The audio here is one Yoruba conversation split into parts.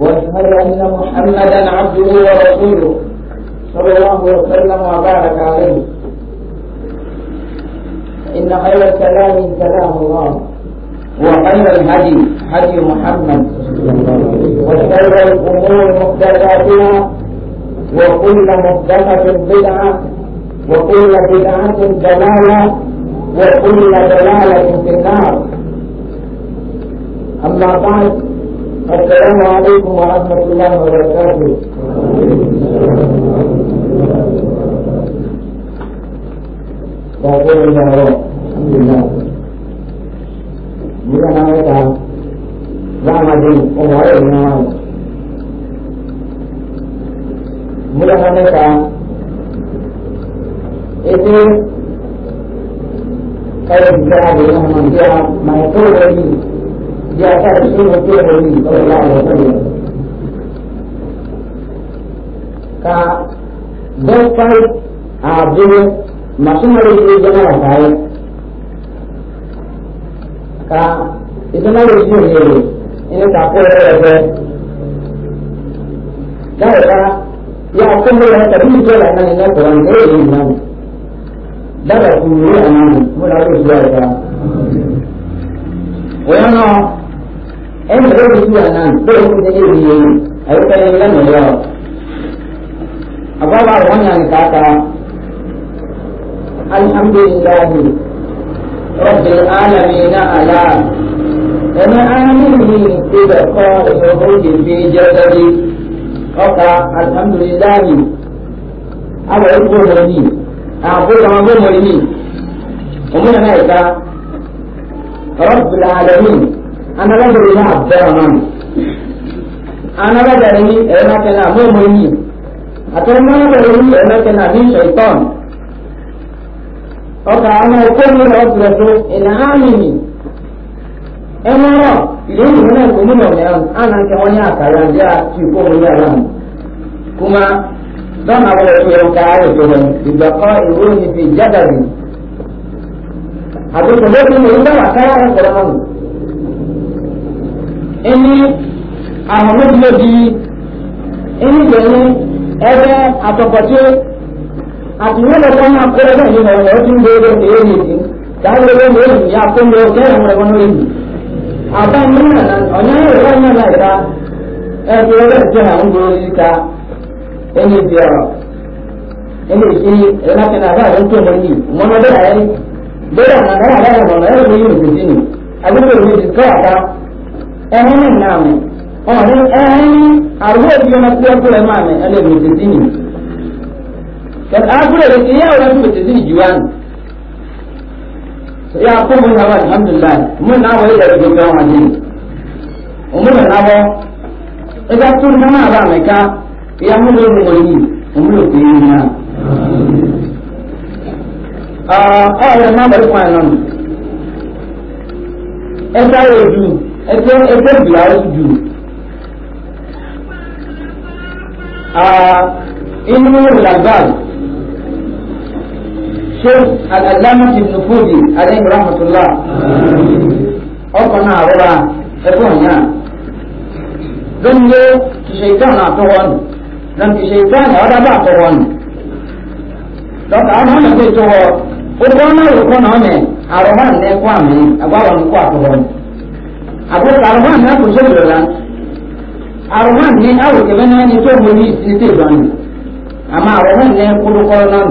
واشهد ان محمدا عبده ورسوله صلى الله وسلم وبارك عليه ان خير الكلام كلام الله وخير الهدي هدي محمد وشر الامور مبتداتها وكل مبتدا بدعه وكل بدعه ضلاله وكل ضلاله في النار اما بعد السلام عليكم ورحمة الله وبركاته Bapak Ibu Alhamdulillah Bila nama kita Lama di Umar Ibn Awal Bila nama kita Itu Kalau kita Bila nama kita Mereka Mereka và ta thích sự một kia hội nghị tôi là một cái điều ka dokai abu masumari ini jangan rapai ka itu mana isu ini ini tak boleh ada kalau ka ya aku melihat tadi itu lah nanti nak orang ini nanti dapat kuliah nanti mulai usia ka Bueno, အဲ့ဒီလိုကြည့်ရတာကိုယ်ကိုယ်တည်းရည်အဲ့ဒါလည်းမရောအဘဘဝဉာဏ်ကာတာအလ်ဟမ်ဒူလ illah ရဗ္ဗလ်အာလမီနာအလာဝမအာမီနီတိဘကောရဘုဒိပိဂျာဒတိကောတာအလ်ဟမ်ဒူလ illah အဘဘုဒ္ဓမီအဘုဒ္ဓမဘုဒ္ဓမီအမနာနာကာရဗ္ဗလ်အာလမီနာ anaba dere na abɛrɛ ma anaba dere ni ɛna kɛ na mɔmɔ yi atɔn mɔmɔ dere ni ɛna kɛ na ni sɛtɔn ɔka ama okɔmi na ɔtɔrɔ so ɛna amini ɛmɔrɔ lẹ́yìn ìwé náà kòmí nà ọ̀nà àná kẹ wọ́n yá àkàrà ní àti ìkóhùn ní àlá kuma dọ́nà àwọn ẹ̀kọ́ yẹn ká ayé tó lọ ìgbà kọ́ ìwé ní ti jáde àbí àbí kò lóbi ẹni àwọn méjìlá di ẹni gbẹ̀yìn ẹgbẹ́ àtọ̀kọ̀tì àti ìwúlò tó ń akó ẹgbẹ́ yìí lọ́wọ́ ó ti ń gbèrè èyí nìyí dáhùn lọ́wọ́ ní èyí ní akóńgbò kẹ́rin wọn lọ́wọ́ lórí àbá nínú ọ̀nà ìwà ìwà náà ìta ẹgbẹ́ ẹgbẹ́ ìjọ àwọn gbòòrò yìí ta ẹni di ọ̀rọ̀ ẹni ìṣe ẹlẹ́kẹ́ náà bá àwọn tó mọ̀ yìí mọ́nà bẹ́ẹ̀ bẹ́ẹ̀ náà náà ẹ̀hún ní ìná mi ọ̀rẹ́ ẹ̀hún ní àrùbọ̀ èdè ọmọ tí wọ́n kúrẹ̀ máa mi ẹ̀lẹ́ mi ti sí ni kẹ̀kẹ́ àkúrẹ̀ rẹ̀ ìyá ọ̀rẹ́ mi ti sí ni jù wá ni. ya kó mu náà wà alhamdulilayi mu náà wọ̀ ẹ̀yẹ ẹ̀dùn fẹ́ wọn ni òmu nà náà wọ̀ tó ní náà bá mi ká ìyá mu ló wọ̀ yìí òmu ló fi yìí náà. ọ̀rẹ́ náà bẹ̀rẹ̀ fún ẹ̀ náà ẹ̀dá ẹgbẹ́ ẹgbẹ́ ìgbìlá jù inú làgbàl sheikh al-alama ti nufudi alayhi rahmatullah ọkọ náà rọra ẹkọ náà gbẹmíye kìsẹ ìtàn na nà kìsẹ atọwa àwọdábà àtọwọn dọkà àwọn ọmọ ẹgbẹ ìtọwọ ó gbọ́n náà rò kọ́ na ọ̀nẹ́ àrọ̀hán ní ẹkọ àmì àgbáwọn ní kọ́ àtọwọn. àbúrò àrùn náà kò sóbì ọ̀la àrùn ní àwòjẹ bẹ́ẹ̀ náà ní tó mo ní ìsinmi ìbánu àmọ́ àrùn ní kúrúkọ́ náà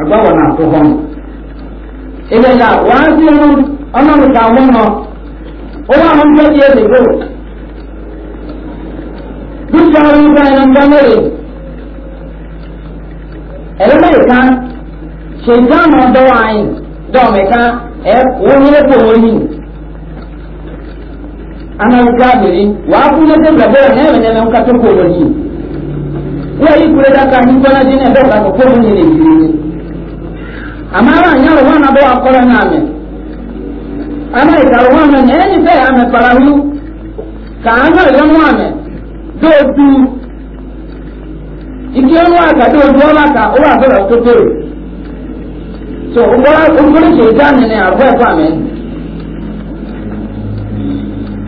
àgbáwọ̀ náà tó hàn. ilẹ̀ yà wá sí ọlọ́run ta ọmọ náà ó wà wọn tó di ẹsẹ̀ gbòòrò. dúkìá ọ̀rọ̀ nípa ẹ̀rọ ń bọ́ lórí ẹ̀rọ mẹ́ta ṣèjọ́ àmọ́ dọ́wọ́ àyìn dọ́ọ̀mẹ́ta ẹ̀ wọ́n ní ẹ̀kọ́ wọ́n yìí. ana mkabiri wakunete bra neve neve nkatokoloji ka kahinkona jine dokako komunyine jirine ama abanyalo hwana bo akola name ama ikalo hwana neni fe ame parahu kaanyole yomwame do du ikiyomwaka do duolaka owasola okotoro so ubola ukoleseitanene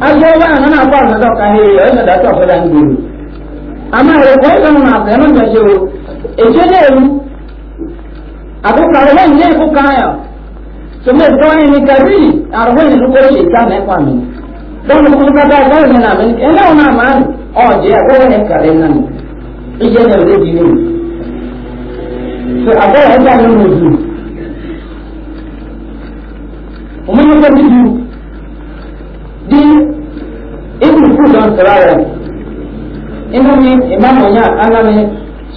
agbọ́ wa nana na akọ àgbàdo ọ̀ka he ẹ̀ ẹ̀ dàtọ̀ ọ̀fẹ́dà ń gbòòrò àmà rẹ̀ kọ́ ẹ̀ sọ̀rọ̀ nà àgbẹ̀ náà gbẹ̀ṣẹ̀ o èso dé èlú àkókò àrùn wọ́n ilé ìkókò ayọ̀ sọmọ ìtọ́ yìí ni kàrí àrùn wọ́n ìlú kọ́ ṣe ìta mẹ́kọ́ àmì dọ́nà kó ká bá ẹgbẹ́ òní nàmì ẹ̀ ni. wọn àmà ní ọ̀jẹ́ àgbẹ̀wọ̀n ẹ̀ kàrí nàmì ìjẹ́ ní ọ̀dẹ́ bí nínú sọ àgbẹ̀wọ̀n ẹ̀ dà nínú ojú òmùnú kọ́ bí ju di don tsirara ina mi imamu ya ana mi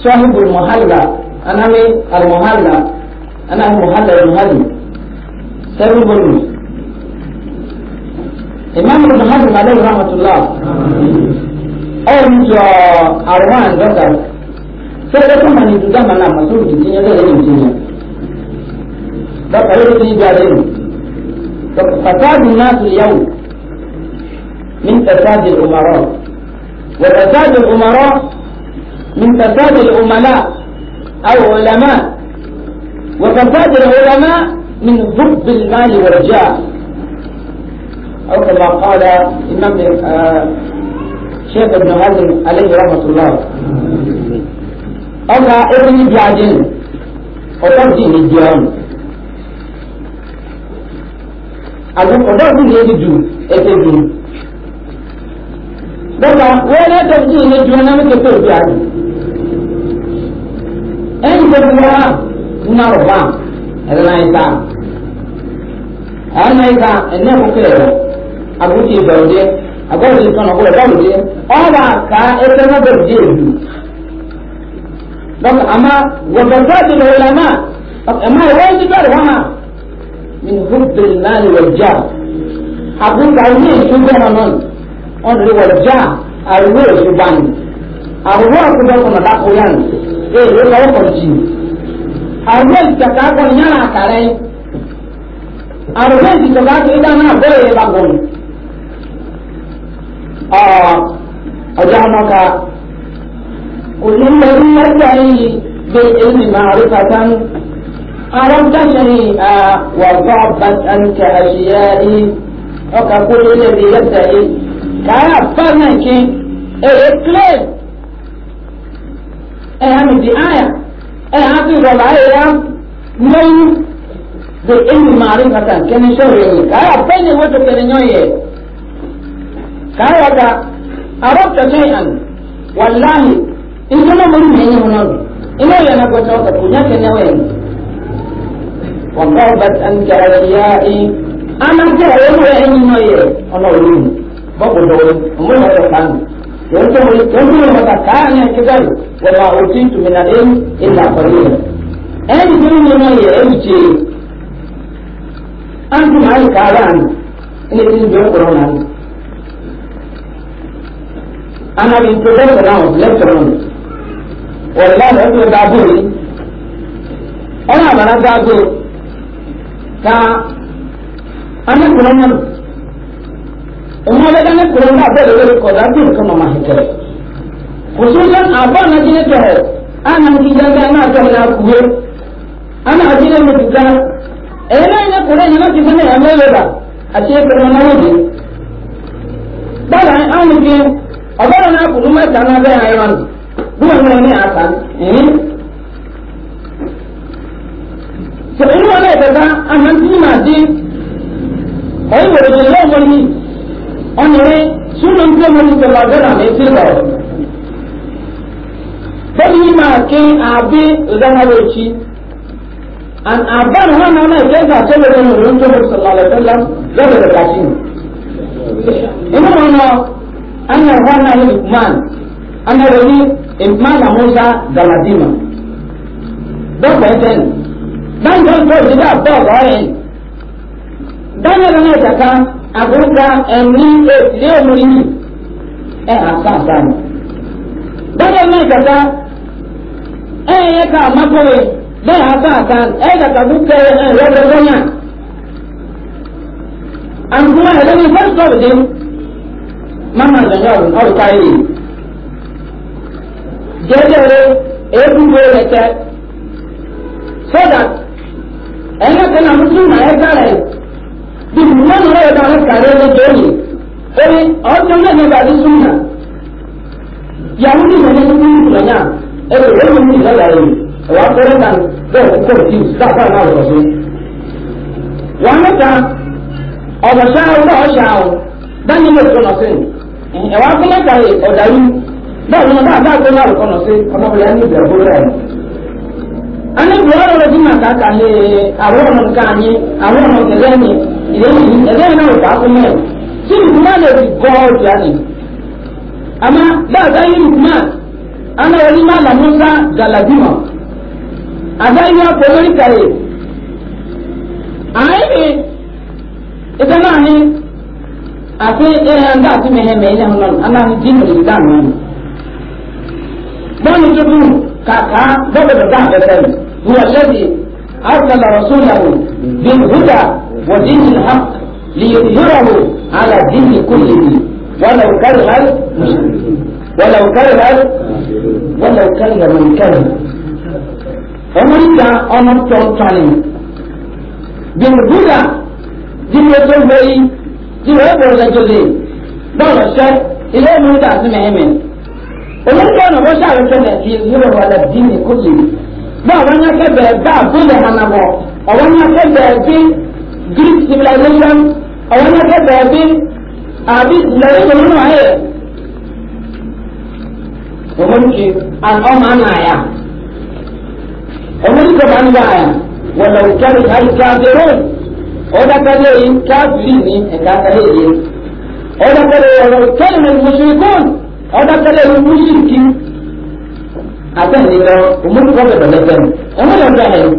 sahibul muhalla ana mi al muhalla ana mi muhalla al muhalli sabu bulu imamu al muhalli alayhi rahmatullah ayi mi jọ arwan dọkar sai da kuma ni duda mana masu jikin ya da yin jinya dọkar yau ni da yin fasadu nasu yau من فساد الأمراء وفساد الأمراء من فساد العملاء أو علماء وفساد العلماء من ضب المال والجاه أو كما قال إمام آه، شيخ ابن حزم عليه رحمة الله أما ابن جعدين وترجي الجيران أنا قدرت لي بجو أتجو daga wani tafsir na juna muke so su yaji ɗan jami'a na roba ranaita ranaita ne ko kire abuti bawde agora ele fala agora bawde ora ka ete na bawde donc ama wa bazati al ulama ama wajib dar wama min hubb al mal wal jah abun ka ne shugaba non on the word na Jah, I will be bound. I will walk with us on the back of the They will all continue. I will ya up on Yana Kare. I will take up on Yana Kare Bagon. Ajanaka. وإن الذي يدعي بالعلم معرفة أردت شيئا وضعبت أنك أشيائي وككل ya يدعي kàrà fáwọn kí èyí clay ẹ̀yà mi di àyà ẹ̀yà ti rọ̀bà ẹ̀yà lẹ́yìn de ẹ̀yìn màrí kàtà kẹ́ni sọ̀rọ̀ yìí kàrà fẹ́yìn wọ́n tó kẹ́ni yọ̀ yẹ kàrà ọ̀gá àrọ̀ tẹ̀sẹ̀ yàn wàláhì ìjọba mọ̀ ní ẹ̀yìn wọn iná yẹn na gbọ́dọ̀ ọ̀gá kò nyá kẹ́ni ẹ̀wẹ̀ wọ́n bá ọ̀gá àǹjẹ̀rẹ̀ yá ẹ̀yìn anájẹ̀rẹ̀ ẹ̀yìn wọn yẹ ọ̀nà òyìnbó bako dole mun hada kan yanzu mu yanzu mu ta kana kidan wa ma utitu min al-ilm illa qalila ai dun ne mai ya ce an kuma ai karan ne din da corona ana bin to da corona lecture on wallahi da da dabu ana bana dabu ka ana corona amma da ganin kuran ba da wani ko da duk kuma ma hita khususan abba na jine ta hai ana ki da ga na ta na kuwe ana ajine mu ta eh na ina kuran na ki hmm? sanin amma ne ba a ce kuran na ne ba da an an ji abba na ku kuma ta na ga yayi wannan duk wannan ne a kan eh so in wala da ga an ji ma ji ai wani ne mun ಅಂದರೆ ಸುಳ್ಳಂತೆ ಮನುಷ್ಯರಾದ ನಾನೇ ಸಿಲ್ಬಾರದು فلما كان أبي ذهبوشي أن أبان هنا أنا إذا أتبع من رسول صلى الله عليه وسلم ذهب الرسول إنما أنا أنا هنا لقمان أنا ولي إقمان موسى دلاديما ده بعدين ده ده ده ده ده dáná lọ́nà ìjàká àbúrúkà ẹ̀mí èlé òmùrí yìí ẹ̀ àṣà àṣàmù. dáná lọ́nà ìjàká ẹ̀ yẹ ká àmàkùnrin bẹ́ẹ̀ àṣà àṣàmù ẹ̀ dàkà búkẹ́ ẹ̀ rẹ́gbẹ́ lọ́nà. àǹkúmọ̀ ẹ̀ lẹ́nu fẹ́ sọ̀rọ̀ dé máma lọ́nà ọ̀rùká yìí. jẹ́jẹ́rẹ́ èébú wo rẹ̀ tẹ́ sọ́dà ẹ̀yẹ́kẹ́ náà mú sí ìmọ̀ ẹ̀ bíbí mi lẹ́nu lọ́wọ́ dáná kàrẹ́ ní tóyè ó ní ọ̀ọ́dún lẹ́nu ìbàdí súnmọ́ yàrá ní ìwọ̀n ní fún ìfúnná náà ẹ̀rọ ìwọ̀n ní ìlú ọ̀la yìí ẹ̀wà fẹ́rẹ́ náà bẹ́ẹ̀ kó kó ti sáfà náà lọ sí. wọ́n mẹ́ta ọ̀dọ̀ ṣáà ọ̀dọ̀ ọ̀ṣà ọ̀ dání lè kọ́nà sí ẹ̀wà fẹ́rẹ́ kàrẹ́ ọ̀dà yìí bẹ́ẹ̀ ni bá bá gbé náà kọ́nà sí ọmọbìnrin ní ìbẹ̀rù rẹ̀. a ní ìwọ̀n ọ̀rọ̀ yẹnu ẹgbẹ́ yẹn náà wòtá fún mẹ́rin tí lukuma lè fi gọ́ ọ̀dùá ni àmọ́ dáadáa yìí lukuma ana wọlé má la musa galadima àdáyé yà pọ̀lọ́rì kàyé àyè ìtẹ́ náà ni àti ẹ̀yà ń dá àti mẹ́hẹ́ mẹ́hẹ́ náà nọ́ọ̀nù ana ni jíìmù lè dá àná ni bọ́ọ̀lù tuntun kàkà bọ́ọ̀lù tó dá àbẹ̀tẹ̀ ni wọ́n ṣẹ́bi àwùjọ lọ́rọ̀ sóòlù àwọn bí húdà. ودين الحق ليظهره على الدين كله ولو كره المشركين ولو كره ولو كره من كره أمريكا أمر تونتاني بين بودا دين يتوبي دين يتوبي لجولي دولة شر إلى مودة سمعهم أمريكا أمر شعر كده ليظهره على الدين كله ما وانا كده ده بودا أنا بو وانا كده دين Greek civilization àwọn akẹ́kọ̀ọ́ àbí àbí ìlànà ìlú náà yẹ. Ọmọdé ọmọ àná yà. Ọmọdé kọ̀ máa ń gbà yà. Wọ́n lọ kẹ́rì ká ìka àbẹ̀rẹ̀. Ọ̀dà kẹ́lẹ́ yìí káàbìrì ní ẹ̀ka kẹ́lẹ́ yìí. Ọ̀dà kẹ́lẹ́ yìí ọ̀rọ̀ kẹ́lẹ́ mi mùsùlùmí kún. Ọ̀dà kẹ́lẹ́ yìí mùsùlùmí kí. Àtẹ̀yìn lọ, ọmọdé kọ̀ bẹ̀rẹ̀ lẹ́sẹ̀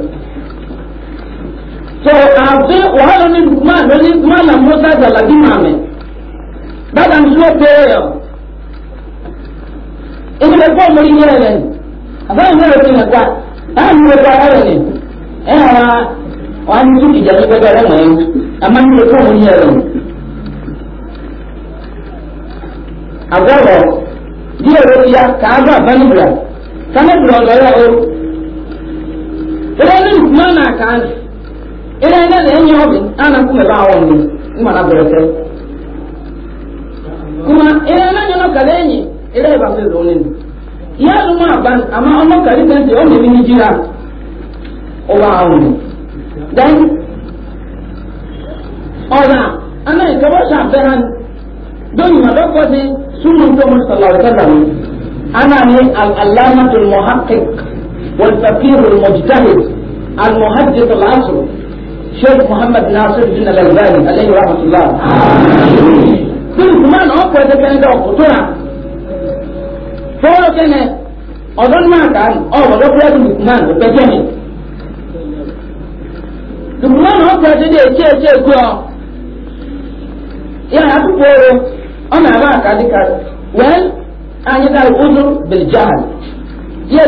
so àti wàhálà ní máa ní máàlà mọ́tà jàlàbí màmì dáadáa ní sọ pé ìdílé kọ́ ọmọ yìí yẹrẹ lẹ́nu àbáyé mẹ́rẹ̀ ti nà gbà láàrin na gbà ayọ̀ ni ẹ̀ hà wà á ní tún ìjà ní gbẹgbẹ rẹ̀ wọ̀nyí àmọ́ ìdílé kọ́ ọmọ yìí yẹrẹ lẹ́nu. àgọ́rọ̀ díẹ̀ ló ya kàábà bánibìrà kánibìrà ọ̀dọ́ yà ó. ìrẹ́lẹ́ nìkúmọ́ nà kàá ina ina ne yan yawo min ana kuma ba awon min kuma na bere kuma ina ina ne no kale ni ina ba se zo ni ya lu ma ban amma amma kali kan de o mi ni jira o ba awon dan ona ana e gaba sha behan don ma da ko ne sunnah to mun sallallahu alaihi wasallam ana ne al-allamatul muhaqqiq wal faqir al Sheikh Muhammad Nasir Al-Albani alayhi rahmatullah kuli kuman o ko de kene do kutura to kene odon ma kan o wo do kula dum kuman o pete ni kuman o ko de de che che ko ya na ku poro o na ba ka di ka well anyi dal uzur bil ya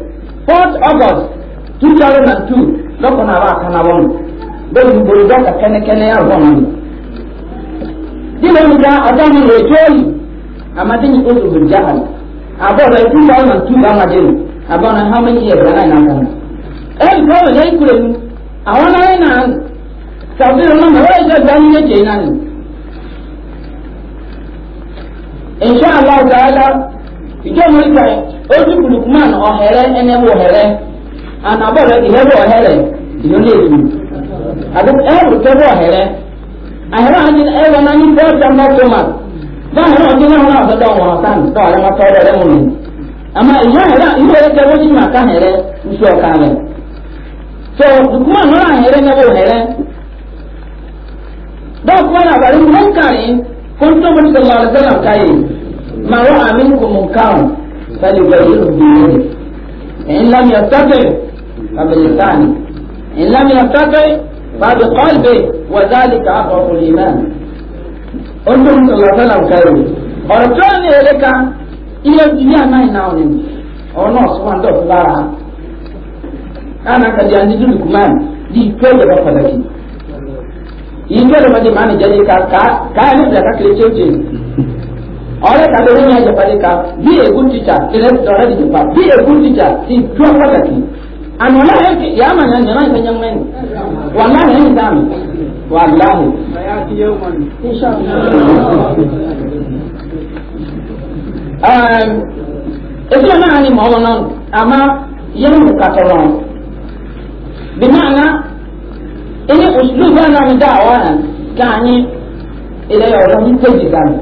4th August 2002 lọ́kọ̀ náà bá kan abọ́ mi bẹ́ẹ̀ ni bòlù dọ́kà kẹ́nẹ́kẹ́nẹ́ àbọ̀ di na mi ga ọ̀dọ́ mi lè tó yìí àmàdé ní oṣù bòlù how many years rẹ̀ náà náà kàn. Ẹ ǹkan wò lẹ́yìn kúrẹ́ mi àwọn náà náà sàbí ọmọ mi wọ́n ẹ̀jẹ̀ gbá nílé jẹ̀ náà ni. Allah ta'ala ìjọ́ mi ń ohere ohere ohere ojú kùlùkùmán ọ̀hẹ̀rẹ̀ ẹnẹ́mú ọ̀hẹ̀rẹ̀ ànàbọ̀rẹ̀ ìhẹ́rù ọ̀hẹ̀rẹ̀ ìyọ́nẹ́ẹ̀dù àbí ẹ̀rù kẹ́rù maka àhẹ̀rẹ̀ àti ẹ̀rọ náà ní bọ́ọ̀dà mọ́tòmá dáhùn ọdún náà wọn àfẹ́ dọ̀wọ̀ ọ̀sán tọ́ àrẹ wọn tọ́wọ́ rẹ múni àmà ìyá ẹ̀rẹ́ ìwé ẹ̀kẹ́ wọ́n فليغيره بيده فإن لم يستطع فبلسانه إن لم يستطع فبقلبه وذلك أضعف الإيمان انظر صلى الله عليه وسلم كيف ọ̀rọ̀tọ́ni ẹ̀lẹ́ka ilé ìdílé àmáyìn náà ni ọ̀rọ̀ náà sọ wọn dọ̀tún lára káàná kàdí àndídú lukumani di ìtú ẹ̀jẹ̀ bá pàtàkì ìtú ẹ̀jẹ̀ bá di màánì jẹ́ ká ká ká ẹ̀ ní ìdàkà kiri chéńchéń Orang tak ada yang ada pada kau. Be a good Tidak ada di tempat. Be a good teacher. Si dua apa lagi? Anu lah eh, eh, yang ya mana yang lain yang lain. Wallah yang eh, sam. Wallah. Um, itu yang mana ni ama yang buka tolong. Bimana ini usulnya yang kami dakwah kan ini ide orang yang terjadi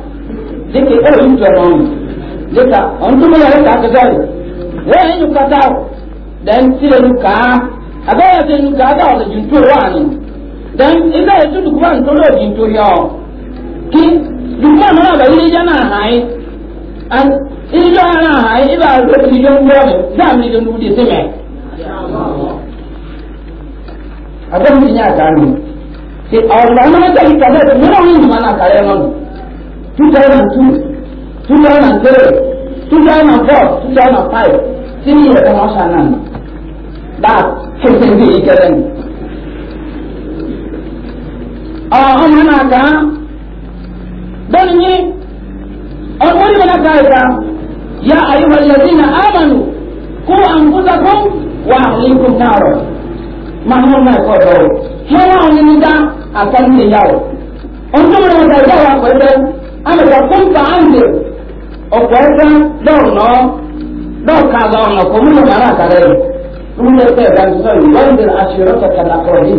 leke o yi tɔ nɔɔni leka ɔntuma yɛrɛ ta kasa yi wɔn yɛ nyuka ta o dɛn tire nuka a bɛ yɛ se nuka ta o de jinto waani dɛn ina yɛ tu duguma ntolo jinto yɛ o ki duguma nana bɛ yiri yɛ na haayi an yiri yɛ na haayi i b'a lɔ yiri yɛ ŋgɔ mi zaa mi yiri nugu de se mɛ a bɛ mi yɛ a 2002 2003 2004 2005 sini ya kemasanan dah kesini ikan ah mana ada dan ini orang mana kata ya ayuhal ladina amanu ku anfusakum wa ahlikum naro mahmud na kodo hawa ni nda akan ni yawo Untuk mereka jawab, ama ka kɔmpa ande ɔkɔɛka dɔw nɔ dɔw ka dɔw nɔ kɔmu yɛ mara ka dɛ mu yɛ fɛ ka sɔ yi wɔn de asirɔ ka kala kɔrɔ yi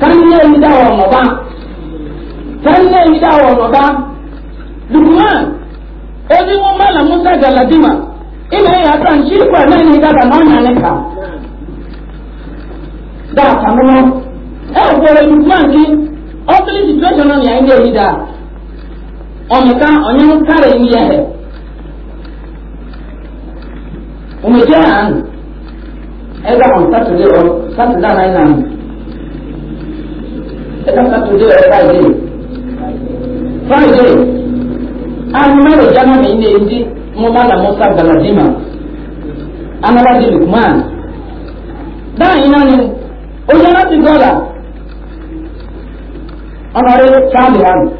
kan yɛ yi da kan yɛ yi da duguma ma na musa galadi ma yɛ si kɔ ni ka daa kanu ɛ o bɔra duguma situation na ni a yi ọmọka onye nkara enyi ya he umeje ha nụ ebe ahụ satọde ọ satọde anaghị na mbụ ebe satọde ọ fraịde fraịde anyị mere jama na ị na-eji mmụba na musa galadima anara dị lukman daanyị naanị onye ara dị dọla ọ nọrọ fraịde ahụ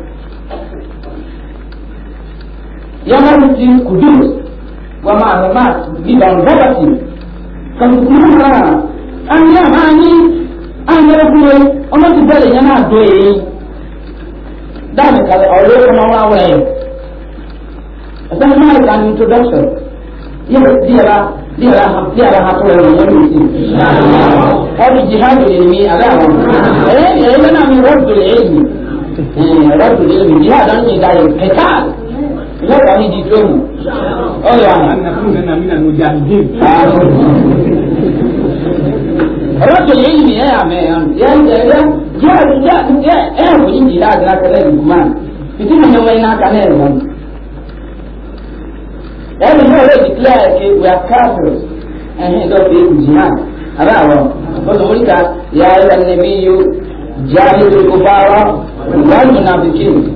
يمرتي قدوس ومعلومات بضرورته فالقلوب لنا أن يهاني أن يقول أما تبالي أنا دوي ذلك الأولوك ما هو أولين أسأل مالك عن introduction يبقى ديرا ديرا ديرا هاتولا من يمرتي هذا الجهاد العلمي أداهم إيه إيه أنا من رد العلم رد العلم جهاد أني دايم قتال لا تعيد يتوم أو يعني أن نكون من المجاهدين رد العلم يا عمي يا يا يا يا يا وإني لا أدرك لا يكمان بتم من وين أكان يوم يعني هو لا declare كي we are kafirs and he got the jihad أراهم بس أقولك يا أيها النبي جاهد الكفار والمنافقين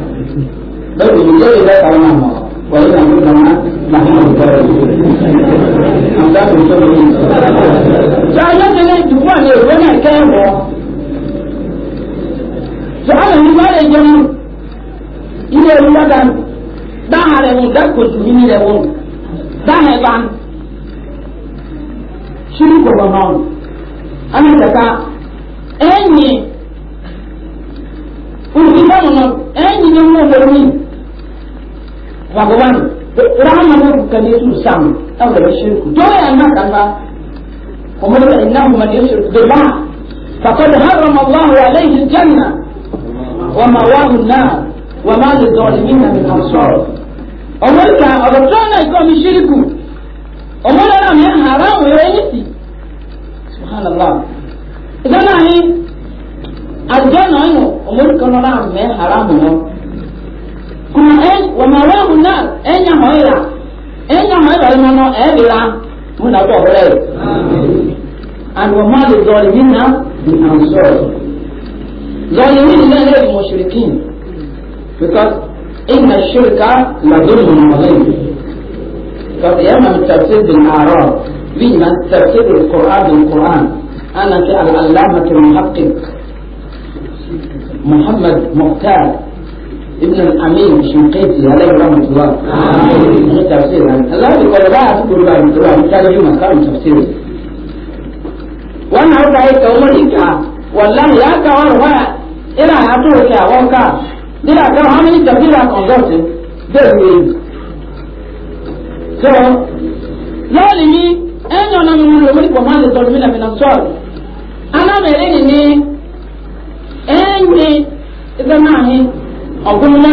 لو يجري ذات عنهم وإن أمرنا نحن sọ́yọ́ tẹ́lẹ̀ ìdìbò àti ìwé náà kẹ́wọ̀ sọ́yọ́ ní wọ́n lè jẹun ilé ẹ̀rú lọ́dà dáhà rẹ̀ ní dákòtù ní ilẹ̀ wọn dáhà ẹ̀bá ṣírí kò wọ̀ náà ẹ̀mí ìjẹta ẹ̀yìn urukitano nabo enyine mwogoroni bagobano rahama nokukanye tusamu abo bashirku doya nakanga ومن إنه من يشرك بالله فقد حرم الله عليه الجنة ومواه النار وما للظالمين من أنصار أمريكا أبطلنا يكون يشركوا أمريكا يا حرام ويا سبحان الله إذا نحن أدنى عنه أمور كنا نعم من حرام منه كما إيه وما لا منا إيه ما هي لا إيه ما هي لا منا إيه بلا منا تقول إيه أن وما لظالمنا من أنصار ظالمين لا غير مشركين because إن الشرك لا دون من مالين because يوم التفسير النار بينا تفسير القرآن القرآن أنا في العلامة المحقق محمد مختار ابن الأمين الشنقيطي عليه رحمة الله آمين تفسير الله يقول لا أذكر بعد الله كان يوم أخر تفسيره wannan haka ya kawo marika wallahi ya kawo waya ina ya to ya wanka dina kan hamani da dina kan gote da ni so yali ni enyo na mu lo mari ko ma de to mina mina so ana mere ni ni enyi ebe naanị ọgwụmụma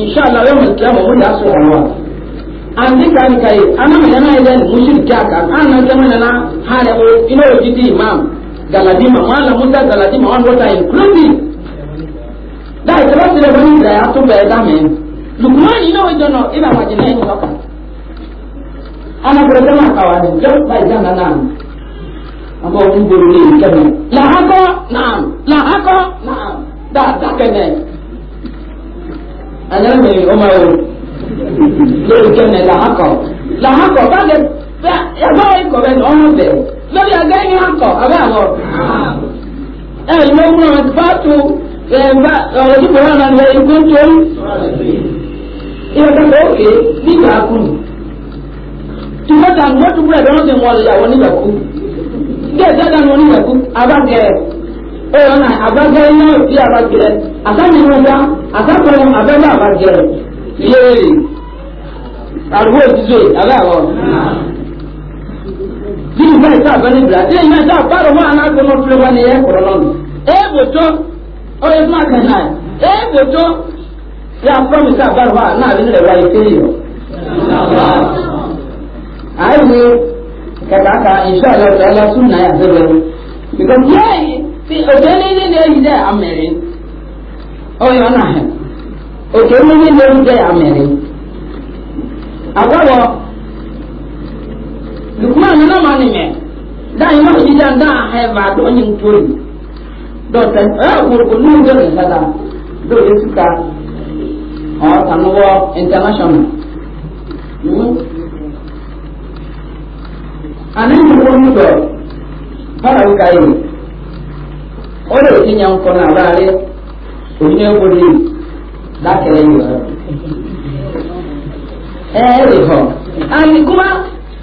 inshallah nke mai kiyama mun da su ka an dika ni kai ana mai yana idan aka na na ha o ina o jidi ma galadima mala musa galadima ya ya dame o ba amma wani buru ne yake ne la haka na'am la haka na'am da da kene ana me o ma o le kene la haka la haka ba le ya ba e ko be no mo be lo ya ga ni haka aba mo eh mo mo ma fa tu eh ba o ti ko na le ko to ya ka ko ke ni ga ku tu ba ta mo tu ba do se mo la woni ba ndị eze ga nọ n'iwekwu abagere ee na abagere ihe obi abagere asanyewụwa asatọrọ m abagere abagere yeri arụwa ozuzo aga aghọ jiri mgbe ita abịa n'ibira ihe ndị akpara ụmụ a na-agụ na ebe n'ihe kpọrọ n'ọnụ ee onye mmadụ na ee ya mkpọrọ ita akpara na-abịa n'ilere ike iyo anyị kaga haka insha Allah ta'ala sunna ya zaba ni because yeah fi ojele ni le ile amere o yo na he ojele ni le ile amere agbawo lukman na ma ni me da yi ma ji dan da he ba do nyin tori do ta e wuro ko nu ga ni sada do e suka o tanuwo international anan mo ni do ara ka yi o le ti nyan ko na ba re o ni ko ni da ke yi wa eh re ho ani kuma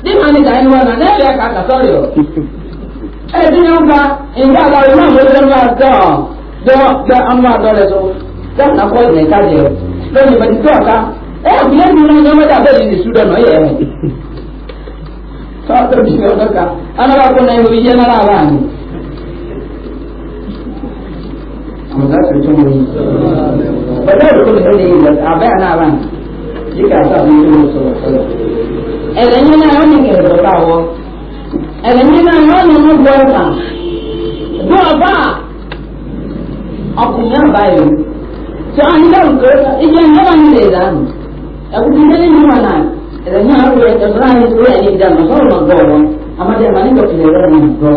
de ma ni dai wa na ne ya ka ka sorry o e eh, ti nyan ba in ba ba ma mo le ma do do da amma do le so da na ko ne ka je o do ni ba ti to ka eh bi ni na ma da ba ni su do no ye sọ́ọ́tọ̀ bí mi ò lọ́ka alára kó náà ìwé yẹn náà a ní. àwọn ọ̀dà tó tó wọ̀nyí ọ̀dà ìdókòwò tó lè yẹ abẹ́ náà wà ní yíká sábà ní ìlú sọ̀rọ̀ sọ̀rọ̀. ẹ̀rẹ̀nyẹ́ náà wọ́n ní kẹ̀rẹ̀ lọ́ta wọ́ ẹ̀rẹ̀nyẹ́ náà wọ́n ní mú bọ́ ẹ̀fà dùn ọ̀bá ọkùnrin náà báyìí tí wọ́n á ní dáhùn kẹrẹ́ ìjẹun náà wà ní ilẹ̀ ìlànà ẹ̀kú ẹ̀rẹ̀yìn àrùn rẹ̀ ẹ̀sọ́ láàrin ìṣòro ẹ̀yìn ìdáná sọ̀rọ̀ lọ gbọ́ ọ̀rọ̀ amadé ẹ̀ máa nígbà tí ìrẹ̀lẹ̀ rẹ̀ ń gbọ́.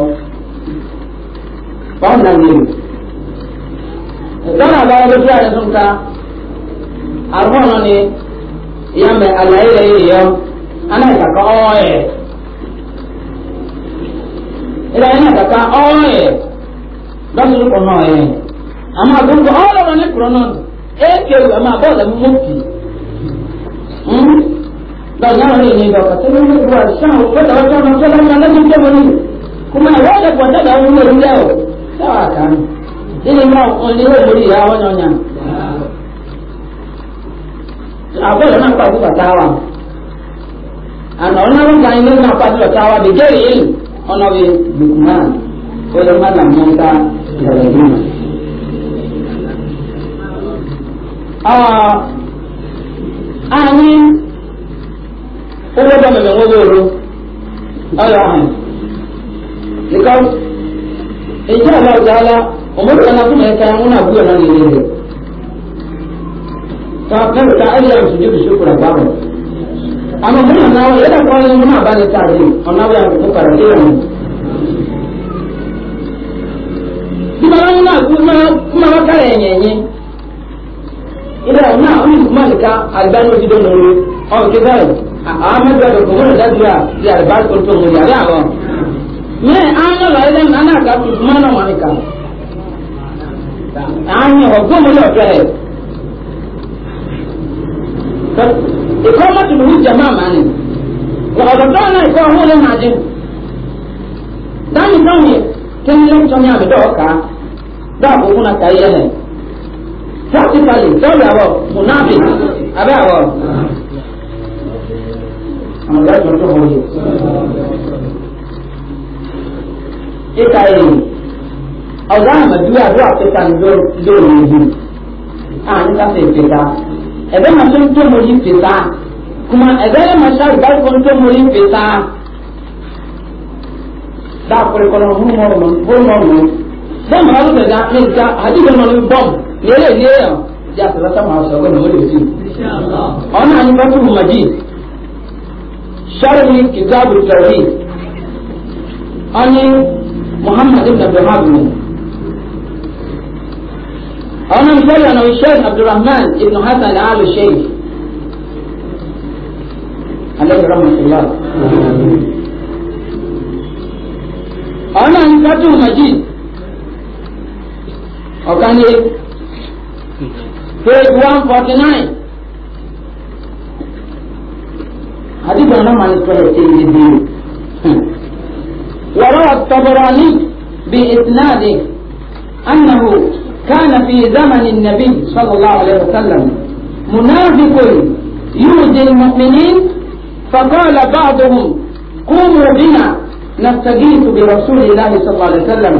báwo náà nìyẹn ìtọ́nà àbáyọ ló fi àrẹ tó ń ka àrùn ọ̀nà ni ìyá mẹ àlàyé rẹ̀ yìí yọ anáìkàkà ọ̀ọ́yẹ̀ ìlànà ìkàkà ọ̀ọ́yẹ̀ lọ́sùn kọ̀ọ̀nà ọ̀yẹ̀ àmọ́ àgbọ̀ngàn ọ̀ọ́lọ́rọ̀ ní kùrọ̀nà ẹ̀ẹ́kẹ̀rù àmọ́ àbọ̀ọ̀lẹ̀ mú mọ́kì bayan ne lokacin zuwa shan wata wata masalan na nan da wani kuma wanda kwata da wani wurin yawo sawa kan ini ma oni wo muri ya wa nyonya apa na pa ku tawa ana ona ro ga ni na pa ku tawa de je yi ona we bukuma ko da ma na mun ta da ni ah ani ụgwọ dọ mere nwoge oro ọrịa ahụ nìkan èyí àlá ọ̀gáàlá ọmọdé kan fún ẹ̀ka wọn náà búrò náà nìyẹn rẹ̀ ta bẹ́ẹ̀ ta ayé àwọn ìṣòjú ìṣòjú kura bá wọn. àmọ́ mo nà náà yẹ́dà kọ́ ọ́nà mo náà bá ní sáré ọ̀nà bí àwọn ìṣòkàrà ní ìlànà. nígbà wọn náà kú máa wá kárẹ̀ ẹ̀yẹ̀yẹ́ ìlànà náà wọn kú máa nìka àgbáyé òjì dọ́nà orí ọ̀nkẹ́ báyìí ahmed bɛ dɔn kogo da diya yari baari kɔli tɔ mɔdi ale awɔ mɛ an ka lɔri lɛ an n'a ka kuma na mɔni kan an ɲɛ o gbɔ mɔdi o tɛ dɛ ikɔma tunubu jama mani wɔkɔtɔ tɔn na ikɔ hɔn lɛ maa di dani tɔn ye kɛnɛyɛ tɔn ye a bɛ dɔw kan dɔw ko kunna ka yɛlɛ practically dɔw bɛ awɔ munafik a bɛ awɔ. Allah ya ta hore ita yi ọ̀gá àmàdúrà àdúrà pẹ̀ta lórí ìlú à nígbà tẹ̀ pẹ̀ta ẹ̀bẹ́ máa tó ń tó mo yí pẹ̀ta kùmà ẹ̀bẹ́ yẹn máa ṣá ìbárúkọ ń tó mo yí pẹ̀ta dáa pẹ̀lẹ́kọ̀ náà hún mọ́ ọ̀nà hún mọ́ ọ̀nà bọ́ọ̀mù ọ̀rọ̀ tẹ̀dá ní ìta àdìgbò náà ní bọ́ọ̀mù ní eré ìlé ẹ̀ yàtọ̀ lọ́sàmù àwọn ọ̀sẹ̀ ọ̀gbẹ́ni ó lè ti ọ̀nà àyíká tó mọ̀ sharhi كتاب التوحيد أني محمد بن عبد الرحمن أنا مثلا أنا والشيخ عبد الرحمن بن حسن آل الشيخ عليه رحمة الله أنا أنكتو مجيد وكان page 149 حديث أنا الدين وروى الطبراني بإسناده أنه كان في زمن النبي صلى الله عليه وسلم منافق يؤذي المؤمنين فقال بعضهم قوموا بنا نستغيث برسول الله صلى الله عليه وسلم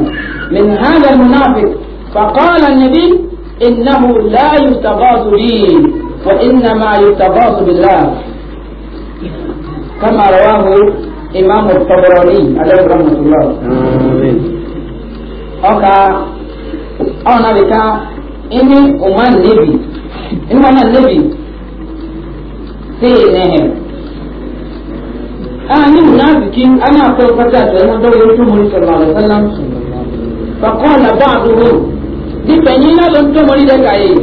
من هذا المنافق فقال النبي إنه لا يستغاث بي وإنما يستغاث بالله كما رواه إمام الطبراني عليه رحمة الله آمين أوكا أنا بك إني أمان نبي إني أمان نبي سي نهر أنا منافقين أنا أقول فتاة لما دوري تمر صلى الله عليه وسلم فقال بعضهم دي بنينا لم تمر لك أي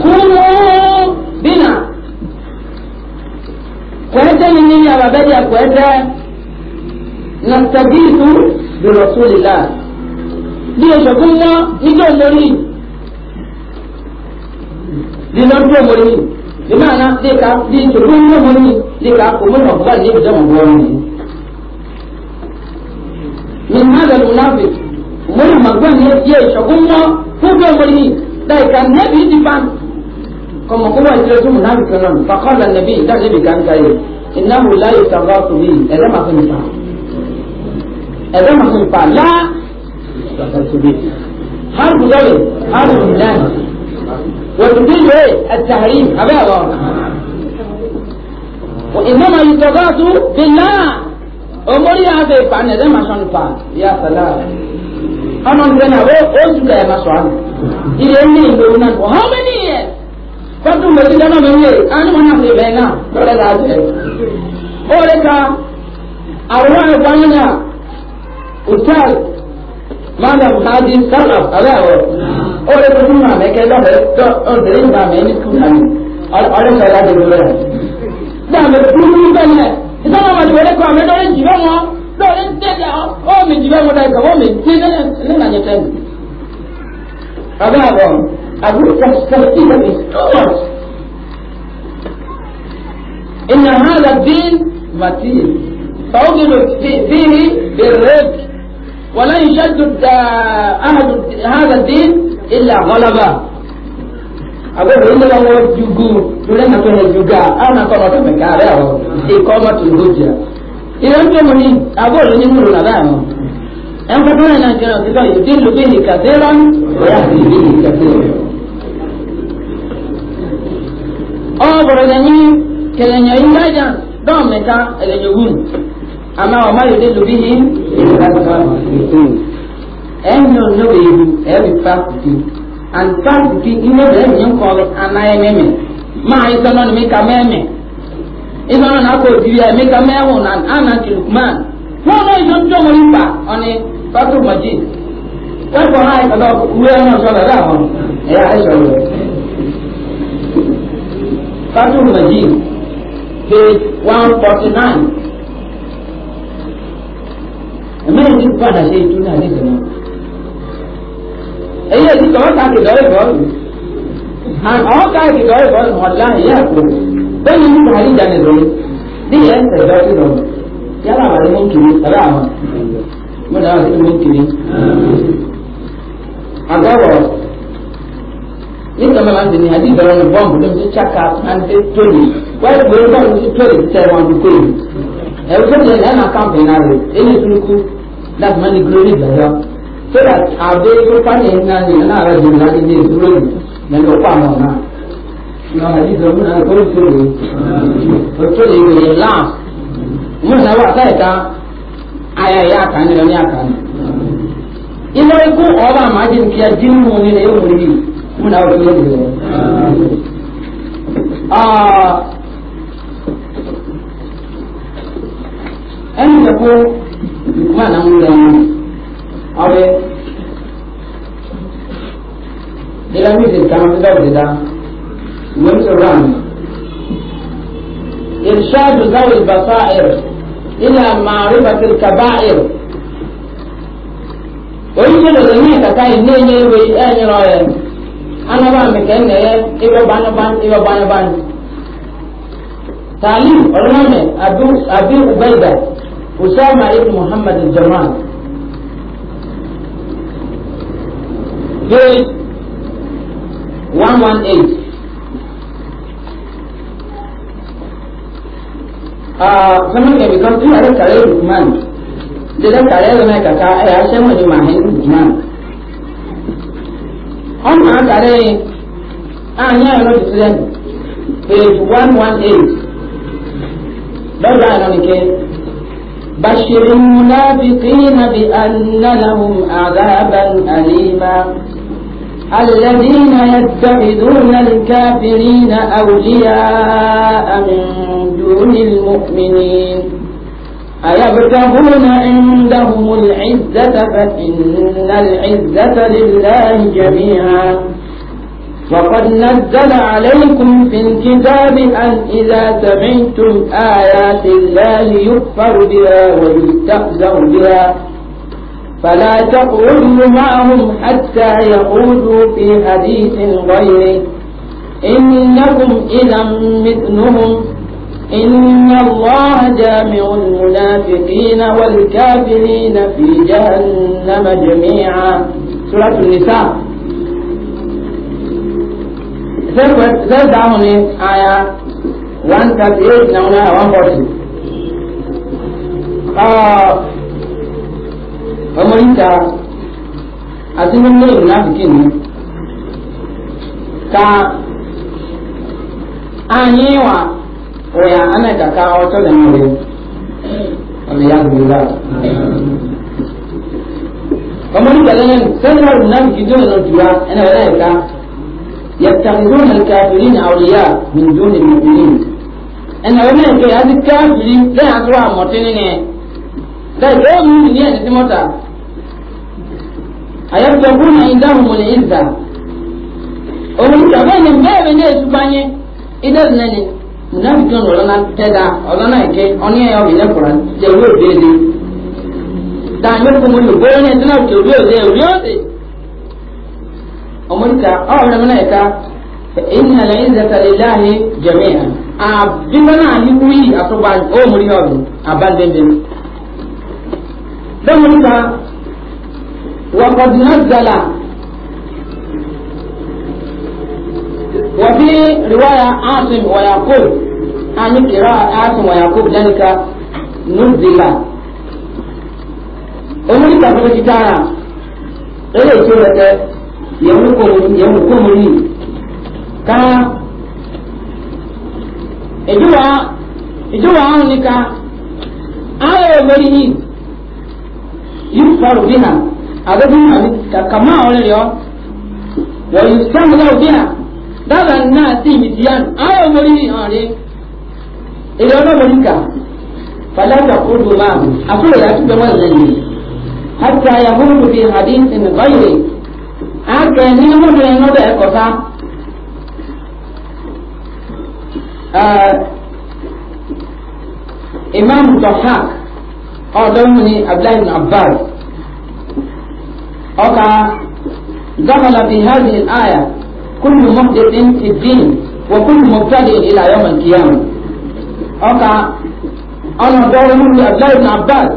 كونوا بنا kuweteni nyinyi amabedi ya kuwete nastagiithu birasulillah ndiyo shokunwa nijyo omuli lino ndio omuli bimaana lika lichokunwa lika omuli min hadha almunafik omuli magwani yeshokunwa kubyo omuli daika nebidibantu kọmọ kọmọ ìṣe tún mú náà fẹ́ràn fàkọ́lá nàbí ìdájẹ́ bí kàńkà yìí iná wò láyé sàbá tó bí ẹ̀dá máa fi nìfà ẹ̀dá máa fi nìfà lá hàrù lọ́rẹ̀ hàrù nìyàn wọ́n ti yẹ ẹ̀tàrí abẹ́ ọ̀rọ̀ ìnáwó yìí sàbá tó bí náà omori yà fẹ́ fà ní ẹ̀dá máa sọ nìfà yà sàlá ọmọ nìyẹn náà ó ó sùkà ẹ̀ máa sọ àná ilé ní ìlú náà for how many years sọ́tù mẹ́tí dáná mi yé ẹni wọn náà fi bẹ́ẹ̀ náà lọ́dọ̀ dáa jẹ́. ó lè ka àwòrán ẹ̀kọ́ yẹn náà ustaz madam hadi salaf alẹ́ àwọ̀ ó lè tó fún àmì ẹ̀kẹ́ lọ́dẹ̀ tó ọ̀dẹ̀rẹ̀ ìgbà mi ní sukùl náà ọ̀rẹ́ sọ̀rọ̀ láti ìlú rẹ̀. dáa mi kú ní bẹ́ẹ̀ ìtàn àwọn àti wọlé kọ́ àmì lọ́rẹ́ jì bẹ́ẹ̀ wọn lọ́rẹ́ ń tẹ̀lé ọ́ mi jì bẹ́ẹ̀ wọn dáa ìkàwọ́ mi dé nílànà tẹ̀lé. أقول تستخدم الإسكارس إن هذا الدين متين فوجد فيه بالرفق ولا يشدد أحد هذا الدين إلا غلبة أقول إن الله يجوجو تلنا تهل جوجا أنا كما تمكاره إقامة الهجرة إذا أنت مهم أقول إن يقولون هذا أنت تقول إن الدين به كثيرا ويهدي به كثيرا ọbụrụ gị nyi kelenye ihe aja dọmịta elenye ama ọma yóò dé lóbi yìí ẹnyọ n'oge ihu ẹbi fakiti and fakiti ihe bẹrẹ mi nkọrọ anaghị mẹmẹ maa ịsọ nọ n'ime ka ịsọ nọ n'akọ odiri ya eme ka na ana kilukman wọn náà ịsọ ntọ nwere mkpa ọnị fatul wepụ ha ahụ ya Fatih Najib, page 149. Ẹ̀mí ẹ̀dí padà ṣe ìtú náà nígbà náà. Èyí ẹ̀dí kọ̀ọ́ káàkiri lọ́rẹ̀ bọ́ọ̀lù. Àwọn káàkiri lọ́rẹ̀ bọ́ọ̀lù wọn lá ìyá àpò. Bẹ́ẹ̀ni ní Buhari jáde lórí. Bí ìyá ń tẹ̀lé ọtí lọ, yálà wà ní mú kiri tàbí àwọn. Mo dáhùn sí mú kiri. Àgọ́wọ̀ ni kama lan dini hadi bara ni bombu dum ci chaka an te tori wa ko ko ban ci tori ci wan du ko e ko ne na na kam be na re e ni sunu ku that man the glory da ya so that abe ko pa ne na ni na ra du na ni ni sunu ni na ko pa mo na no hadi da mun na ko su ni ko to ni ni la mun na wa ta ta aya ya kan ni ya kan ina ko oba majin kiya jinmu ni ne yo muri من أول بيد الله آه أن تكون ما نقول أو إلى مثل كما في دولة ومثل الرمي إرشاد ذوي البصائر إلى معرفة الكبائر ويجب أن يكون هناك أي نوع من anaba mi kende ibo bana ban ibo bana ban talim olmame abu abi ubaida usama ibn muhammad al-jamal page 118 kuma ne bikan tun da kare Usman da kare da mai kaka ai har sai mu ji mahin Usman ọmọ àtàrẹ àyàn ẹ̀rọ ti sílẹ̀ page one one eight lọ́dọ̀ àlọ́nìkẹ́ بشر المنافقين بأن لهم عذابا أليما الذين يتخذون الكافرين أولياء من دون المؤمنين أيبتغون عندهم العزة فإن العزة لله جميعا وقد نزل عليكم في الكتاب أن إذا سمعتم آيات الله يكفر بها ويستهزأ بها فلا تقعدوا معهم حتى يقولوا في حديث غيره إنكم إذا مثلهم إن الله جامع المنافقين والكافرين في جهنم جميعا سورة النساء سر دعوني آية 138 نونا 140 آه أمريكا أتمنى من المنافقين ka anyiwa oya ana kaka ọtọ na mmiri ọmọ ya gbiri ba ọmọ ní gbàgbé yẹn sẹ́yìn ọ̀rùn náà kì í dúró lọ jù wá ẹnna ẹ̀rọ ẹ̀ka yàtàkùrú na káfìrí na àwòrìyá mi dúró ní mọ̀bìrì ẹnna ẹ̀rọ ẹ̀ka yà á ti káfìrí lẹ́yìn àtúrò àmọ̀tí nínú ẹ̀ lẹ́yìn ẹ̀rọ mi nìyẹn ẹ̀dẹ̀ tí mọ́ta àyàtàkùrú na ìdáhùn mọ̀lẹ̀ ìzà òun ní gbàgbé yẹn bẹ́ẹ̀ munafiki ọ̀nà ọ̀lọ́nà tẹ́dà a ẹ̀kẹ́ ọ̀ní ẹ̀yọ́ ìyẹn kọ̀ọ̀rọ̀ jẹ́ orí òde èdè dàmí na ní bóyá ní ẹ̀dínà òkè orí òde orí òde ọmọdéka ọ̀rọ̀ mẹ́rin ẹ̀ka ìnà lẹ́yìn zẹ̀tàlẹ̀ láàyè jẹ̀mí à àbímọ náà ní wúyì وفي رواية عاصم ويعقوب عن قراءة عاصم ويعقوب ذلك نزل أمري كفر جتارا إلى سورة يمكمني كان إجوا إجوا عنك آية مريه يكفر بها أبدا كما أولي ويستمر بها dada na si mitiano ayo mori ani ile ona morika fala taqudu ma akula ya tupe mwanzeni hatta yahudu fi hadithin ghairi aka ni hudu eno da ekota imam dhahak ọdọmu ni abdullahi bin abbas ọka dakhala fi hadhihi al-aya كل محدث في الدين وكل مبتدئ إلى يوم القيامة أوكا أنا دور من عبد الله بن عباس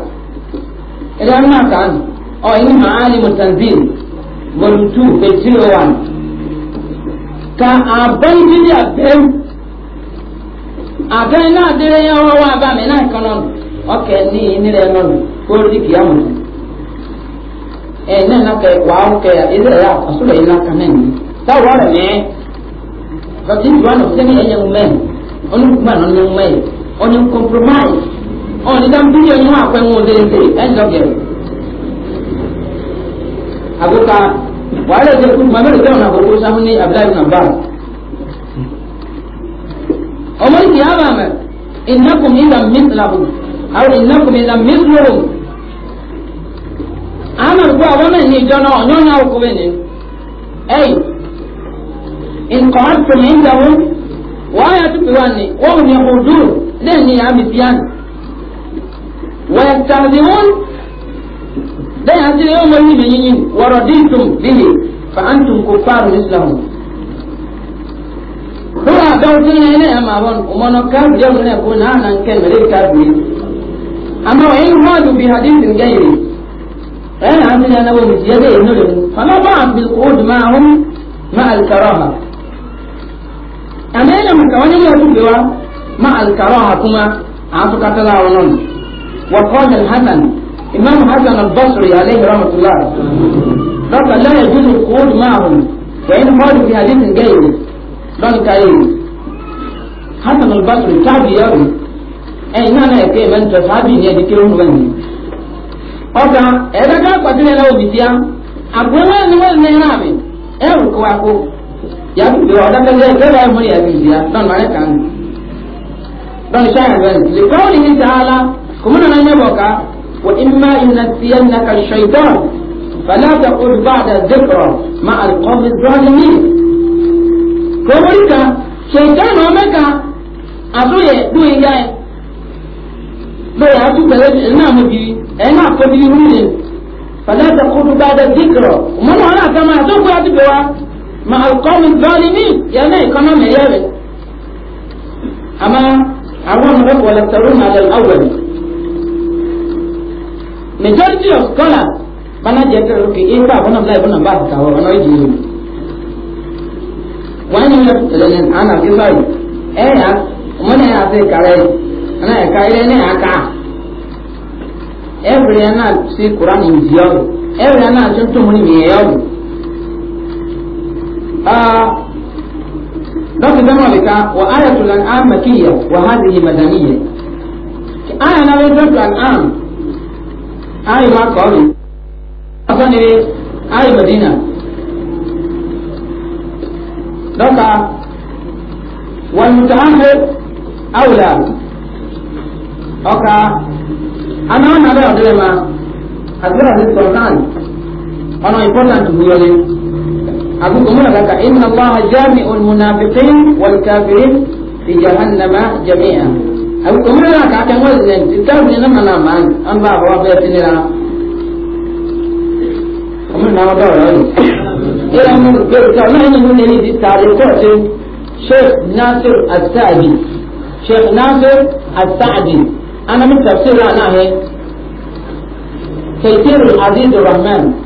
إلى أن كان أو إن معالم التنزيل volume 2 page 01 ka abẹ́ńdílé abẹ́rù abẹ́rù náà délé yẹn wọ́n wá bá mi náà kan náà ọkẹ́ ní nílẹ̀ náà kó lórí kìámù ẹ̀ náà náà kẹ wàá kẹ ilé rẹ̀ àkọsílẹ̀ yìí náà kan náà nìyí ta wara ne ba ti wa no sene yan men onu kuma no men onu compromise onu dam bi yan wa kwa ngo de de en do ge abuka wala de kun mamar da na ko sa mun ni abdai ibn abbas umar ya ba ma innakum idan mithlahum aw innakum idan mithlahum amar ko awana ni jona onyo na ko benen ei in qamattum indahum wa ayatum biwanni wa hum yaqudun deni ya misyan wa yastahzi'un dai hasire yau mai da yin wa raditum bihi fa antum kuffaru mislahum dura dawti ne ne amma won umono kan da ne ko na nan kan da ka bi amma wa in hadu bi hadithin gairi ai amina na wani jiya da inu da fala ba bil qud ma'hum ma al karaha amena mutawani ya kubewa ma alkaraha kuma afu katala wonon wa qala al-hasan imam hasan al-basri alayhi rahmatullah daka la yajuzu qul ma'hum wa in qalu fi hadithin ghayri dan kai hasan al-basri tabi yawo eh ina na yake man to tabi ne dike wonu bane oka era ga na obitia agwema ni wele na rabe e ko ako ya ku do ada kan dia kala mo ya bi ya don ma kan don sha ga li qawlihi ta'ala kuma nan ne boka wa imma yunsiyannaka ash-shaytan fala taqul ba'da dhikra ma al-qawmi adh-dhalimin ko rika shaytan o meka asoye do ya do ya tu bere ina mo bi ina ko bi ni fala taqul ba'da dhikra mo na kama to ko ya ti wa ma alukọ́mi báyìí ní yàrá ìkọ́nà mẹ́yẹ́rẹ́ àmà àwọn ọmọdé wọlé tẹ̀rù nàlẹ́ awọ̀lì majority of scholars bana jẹ́ tẹ̀rù kì í bá àwọn ọmọdé ìbùnà bá àtàkà wọ̀ ọ̀nà ìjì yìí ya yìí lọ tẹ̀lé ní àná fi báyìí ẹ̀ yà ọmọdé yà sí kàrẹ́ ẹ̀nà ẹ̀ka ilé ní àká ẹ̀fìrì yẹn náà sí kuran ìjì ọ̀rọ̀ ẹ̀fìrì yẹn náà tuntun mu ní mìíràn ọ̀rọ̀ donc ذلك وآية الأنعام مكية وهذه مدنية آية نبي ذلك الأنعام آية ما قالوا أصلا آية مدينة donc والمتأخر أولى أوكا أنا أنا أدري ما أدري هذا القرآن أنا important to be أقول لك إن الله جامع المنافقين والكافرين في جهنم جميعا أقول لك أكن وزن تتابع لما نامان أن الله هو بيتنا ومن نعم أنا دور إلى من قلت ما إن من يريد التعليقات شيخ ناصر السعدي شيخ ناصر السعدي أنا من تفسير أنا هي تفسير العزيز الرحمن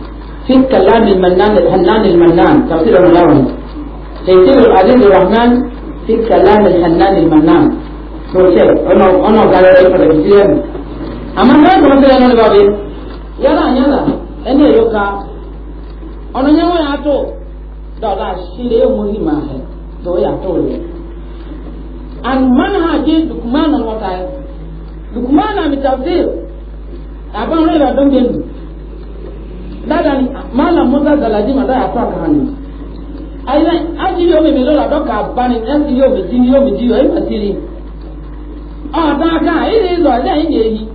في كلام المنان الحنان المنان تفسير الملاوي تفسير العزيز الرحمن في كلام الحنان المنان سوشي أنا أنا قال لي كذا كثير أما ما يقول لي أنا بابي يلا يلا أنا يوكا أنا يوم ياتو دولا شيء مهم هذا دو ياتو أن منهج دكمان الوطن دكمان من تفسير أبان رأي بدون Dada mala musa dalaji ma daya fa ka hanu aina aji yo me lola doka bani en yo me jini yo me jiyo e masiri a ah, da ka ire zo da yin yi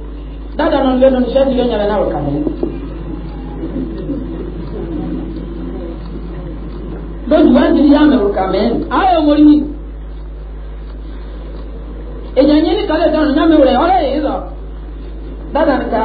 dadan on lenon shadi yo nyala na ka ne don wa jini ya me ka men ayo mori ni e nyanye ni kale don na me ore ore izo dadan ka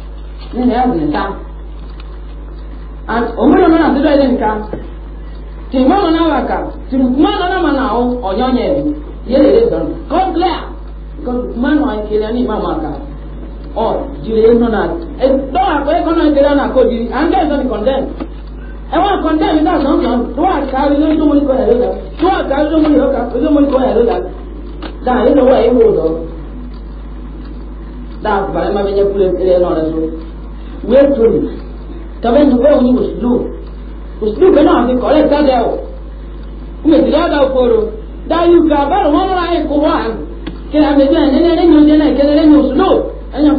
ni na yawo nta and omuri omuri ati dɔɔ ɛdi nka tìmɔ nɔ na waka tìmɔ nɔ na ma na awo ɔnyɔ nyɛ ɛdi yɛlɛ ɛdi dɔn god clear because tìmɔ nɔ akele ɛni ma ma ka ɔ jire ɛnɔ na dɔw akɔ ɛkɔ na ɛdi na ko diri and then sɔni condemn ɛwɔ condemn ɛdi asɔn sɔn tó a ka ɛdi ɛdi omuri kɔ ɛdi la tó a ka ɛdi omuri kɔ ɛdi omuri kɔ ɛdi la da ɛdi wɔ ɛdi wɔ dɔ da balima bɛ nyɛ kule ɛdi ɛnɔ rɛ so. where to live. Tabe ndugu wangu ni usulu. Usulu kana ambe kole ta dewo. Kuwe dira da poro. Da yu ka ba ro mo ra e ko wa. Ke na me ne ne ne nyu ne na ke ne nyu usulu. Anya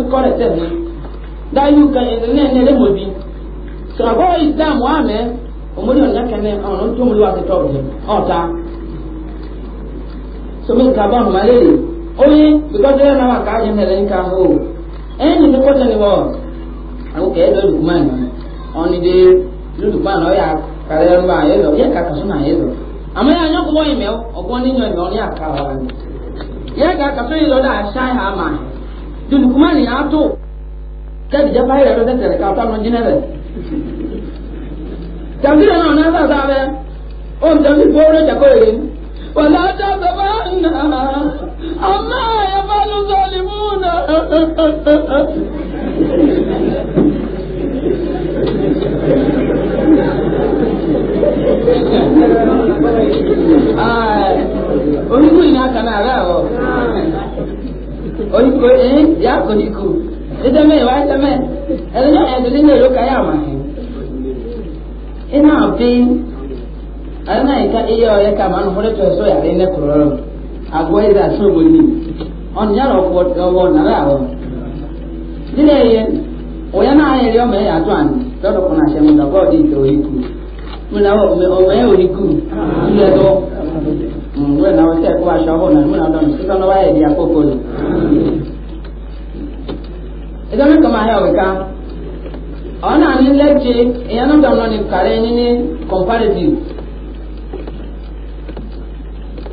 àwọn kẹ̀ẹ́ lọ lùkùmáàni ọ̀ni de lùkùmáàni ọ̀yà kàrẹ́ ọ̀nba àyẹ̀ lọ yẹ kàkà sọ́nà àyẹ̀ lọ. ni. yẹ kàkà sọ́nà ìlọ́dà àṣà yà má de lùkùmáàni yà á tó kẹ́ẹ̀dì jẹ́pá ولا تحسبن عما يفعل الظالمون onígbò yìí aka náà rà ọ onígbò yìí yà kọ ikú dídẹ́mẹ́ ìwà ẹ̀dẹ́mẹ́ ẹ̀dẹ́mẹ́ ẹ̀dẹ́mẹ́ ẹ̀dẹ́mẹ́ ẹ̀dẹ́mẹ́ ẹ̀dẹ́mẹ́ ẹ̀dẹ́mẹ́ ẹ̀dẹ́mẹ́ ẹ̀dẹ́mẹ́ ana ika iyo ya kama an hore to so ya re kororo agwe da so bonni on ya ro ko wo na ra wo dile ya na ayi yo me ya to an to do kuna se mo go di na o me o na wo se ko a na na do so no ye ya ko ko ya we ka ona ni lecture ya na do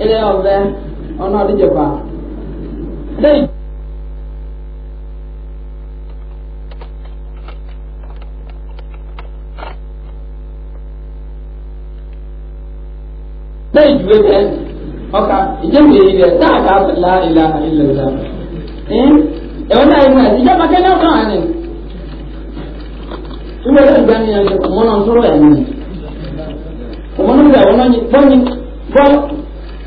ele ọbẹ ọnà ọdíjẹpà lẹyìn. lẹ́yìn ju ebi ẹ ọkà ìjẹ́mu yẹn yẹ tá a kà á sọ̀rọ̀ láàrin láàrin lọ́la ẹ̀wọ́n náà yẹn náà ìjọba kẹ́kẹ́ ọ̀kan àná ìwé ẹ̀rọ ìgbà ni ọmọ náà ń sọ̀rọ̀ ẹ̀ ní ọmọ náà ń sọ̀rọ̀ ẹ̀ ní bọ́ọ̀nì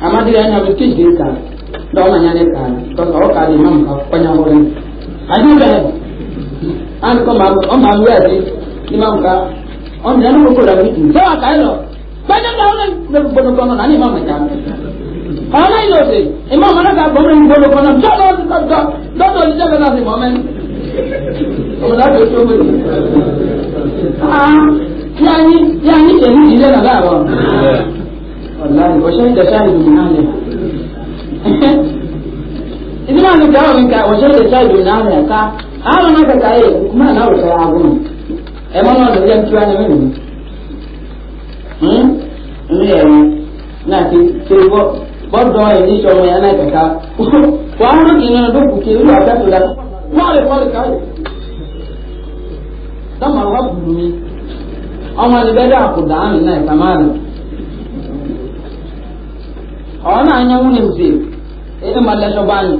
amadi ya na bikin din ka da wannan ya ne ka to ka ka di mam ka kwanya horin aji da an ko ma on ma mu ya di imam ka on da no ko da bikin to ka lo kwanya da horin da bodo ko na ni mam ka kana ilo se imam na ka bodo ni bodo ko na to do do do do ni jaga na se momen o da to to ah yani yani ke ni ile na ba wallahi hmm? wa shahida shahidu min ahliha idan an ga wannan ka wa shahida shahidu min ahliha ka ala na ka kai kuma na wa sai e ma wannan da yanki wani mene hmm ne ya na ti ke bo bo do ya ni shomo ya na ka ka wa hanu ina do ku ke ru to da wa le wa le ka dan ma wa bu da ku da na ma Ah, na anyanwó ni mzee ẹni ma lẹ́sọ̀ anyị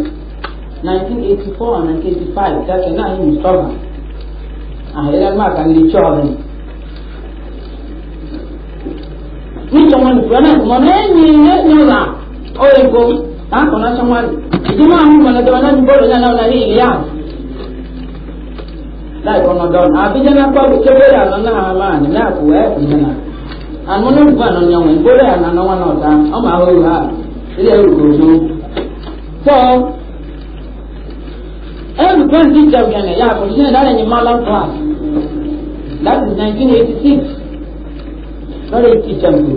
1984 eighty na and na eighty five kẹ́kẹ́ náà yìí sọ̀rọ̀ àhẹ́rẹ́ máa kà na chọ́ọ̀rì. nítorí wọn nìkan náà mọ̀ náà ẹ̀yìn ẹ̀yìn ọ̀la ọ̀rẹ́ ìgò láàkọ̀ náà sọ wọn ìdí na ń na àmúnú na náà ni ọmọ ìgbóná yà nà wọn náà ta ọmọ ahọ́rù ha ilé ahụ kò so. so every parent teacher ya kò si na ndị ẹ̀yìn class that is nineteen eighty six lọ́dọ̀ yìí teacher mi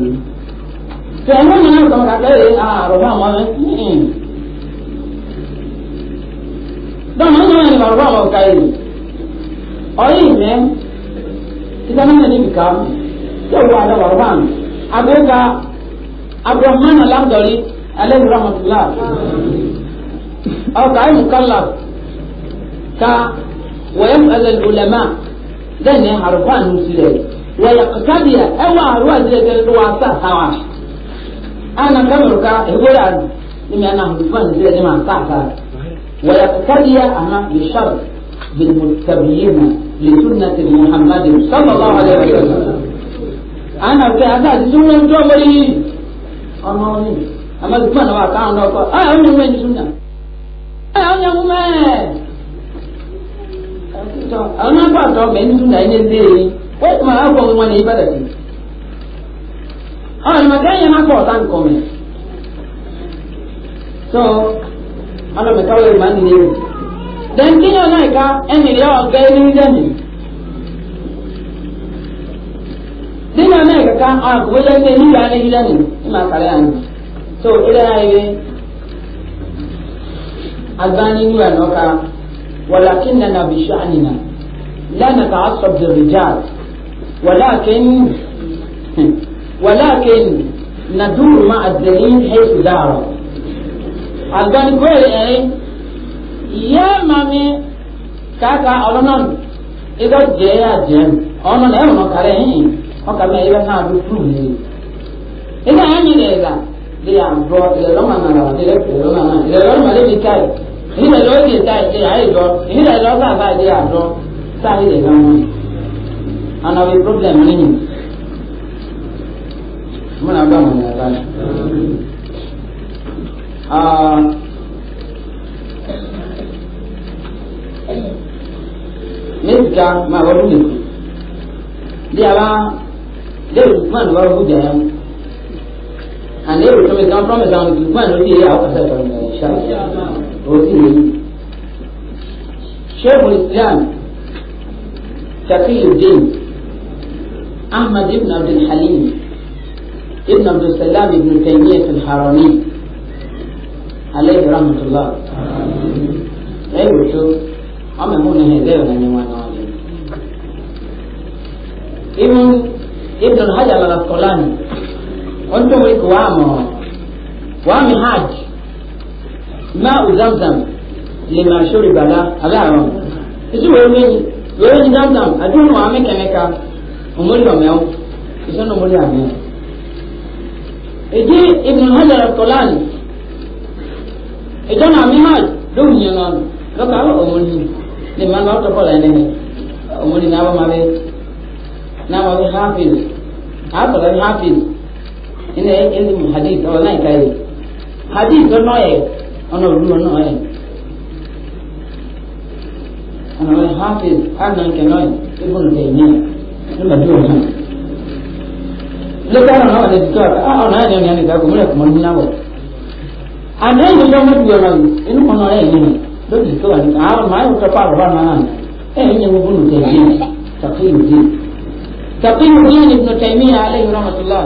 so ẹ̀mọ́ na náà sọ̀rọ̀ kàkẹ́ rẹ̀ àrò fún àwọn ọmọ mi. dọ́nà ọ̀nà ìwà àrò fún àwọn ọ̀ka yìí ọ̀yìn ìfẹ́ yawwa wà warwan agoga abdurrahman al Alamdori alayhi Rahmatulah. rahmatullah aw ka ayu kallaf ka wa yas'al al-ulama dan ya harfan musire wa yaqtadi aw harwa zile da wasa hawa ana kamruka hewara ni ana harfan zile da ma sa ويقتدي أمام الشر بالمتبعين لسنة محمد صلى الله عليه وسلم an abdi asa sunna to mari amma wani amma kuma na wa kan da ko ai wani mai sunna ai wani mu mai to an ba to mai sunna ne dai ko kuma ha ko wani ibada ne ai magana na ko tan ko mai so ana me kawai mani ne dan kinya na ka en ni ya ga ni ni dina na ga ka a wala ne ni ya ne ila ne ina kare an so ila na ne azani ni wa ka walakinna bi sha'nina la nata'assab bil rijal ولكن ولكن ندور مع الدليل حيث داره algan kwere ere ya mami kaka ọlọ́nà ìdọ̀jẹ́ àjẹm ọ̀nà ẹ̀wọ̀n kàrẹ́ yìí ọkà mi ayẹyẹ náà bí fún yìí ẹni àyà nyi dẹ ẹga de yà bọ ìrẹlẹ ọmọ nàrà wà de ẹkọ ìrẹlẹ ọmọ nàrà ìrẹlẹ ọmọ nàrà ẹbi táyì ẹni ìrẹlẹ ọmọ ẹbi táyì de ayé dọ ẹni ìrẹlẹ ọmọ àbá de yà dọ sáyé dẹ gán wọn àná wí problem nìyí mo nà bá wọn yàrá ni mẹsìkà máa wọlé nìyí bí a bá. lẹ́rù lukman wà rúkú jẹ́ ẹ̀mú and lẹ́rù promise àwọn promise àwọn lukman ló dé àwọn kàṣà kan ní ṣá o sì lè yí. sheikh islam shakiyuddin ahmad ibn abdul halim ibn abdul salam ibn taymiyyah al-harami alayhi rahmatullah lẹ́yìn òṣù ọmọ ìmúni ẹ̀dẹ́ ọ̀nà ni wọn náà lè. ibn hajar al-asqalani wọ́n tó wípé wàá mọ̀ wàá mi hajj máa ù zamzam lè máa ṣòro ìgbàlá aláàrọ̀ ìṣòro mi wẹ́rẹ́ ní zamzam àdúrà wàá mẹ́kẹ́mẹ́ka òmùlẹ̀ ọ̀mẹ́wọ́ ìṣọ́nà òmùlẹ̀ àmẹ́wọ́. èdè ibn hajar al-asqalani ìjọ́nà àmì hajj ló ń yẹn lọ́nà lọ́kà òmùlẹ̀ lè máa lọ́tọ̀ asọ̀rọ̀ ní hafiz nínú ẹni mu hadith ọ̀rọ̀ náà ìkàyè hadith ọ̀nà ẹ̀ ọ̀nà òdúró náà ẹ̀ ọ̀nà ẹ̀ hafiz ọ̀nà ìkẹ́ náà ibùn tẹ̀yìn ní mẹ́tò ọ̀nà. lẹ́tà náà wà lẹ́tà ọ̀nà ẹ̀ ní ọ̀nà ìkàkùn mílẹ̀ kùmọ̀ nínú àwọ̀ àná ìlú ọmọ ìdúró náà inú kọ́nà ẹ̀ yìí lóbi tó wà ní àwọn máa ń tọ́pọ̀ àrùbá náà ẹ̀ ń yẹ gbogbo nù tẹ̀yìn tàkì ìdí. تقيم الدين ابن تيمية عليه رحمة الله